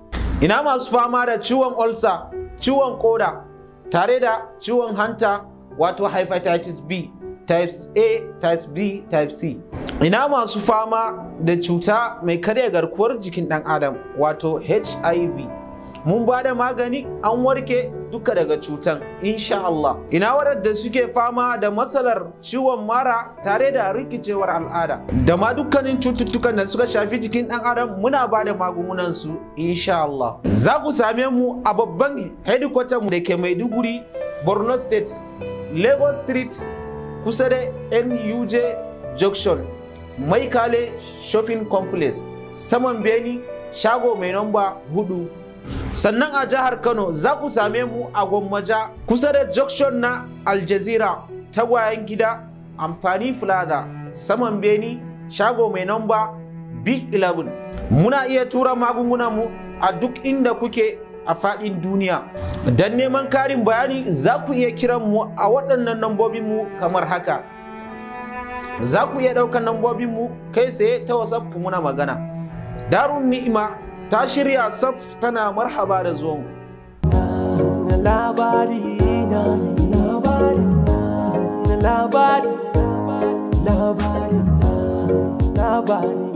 ina masu fama da ciwon ulsa ciwon koda tare da ciwon hanta wato hepatitis b types a types b type c ina masu fama da cuta mai karya garkuwar jikin ɗan adam wato hiv mun ba da magani an warke duka daga cutan insha Allah ina waɗanda suke fama da matsalar ciwon mara tare da rikicewar al'ada da ma dukkanin cututtukan da suka shafi jikin ɗan adam muna ba da magungunan su insha Allah za ku same mu a babban headquarter mu da ke Maiduguri Borno State Lagos Street kusa da NUJ Junction Maikale Shopping Complex saman Beni shago mai namba hudu sannan a jihar kano za ku same mu a gwammaja kusa da junction na aljazira tagwayen gida amfani fulada saman beni shago mai namba b11 muna iya tura magungunan mu a duk inda kuke a fadin duniya don neman karin bayani za ku iya kiran mu a waɗannan nambobin mu kamar haka za ku iya ɗaukan nambobin mu kai tsaye ta whatsapp muna magana darun ni'ima ta shirya saf tana marhaba da zuwan labari na labari labari labari labari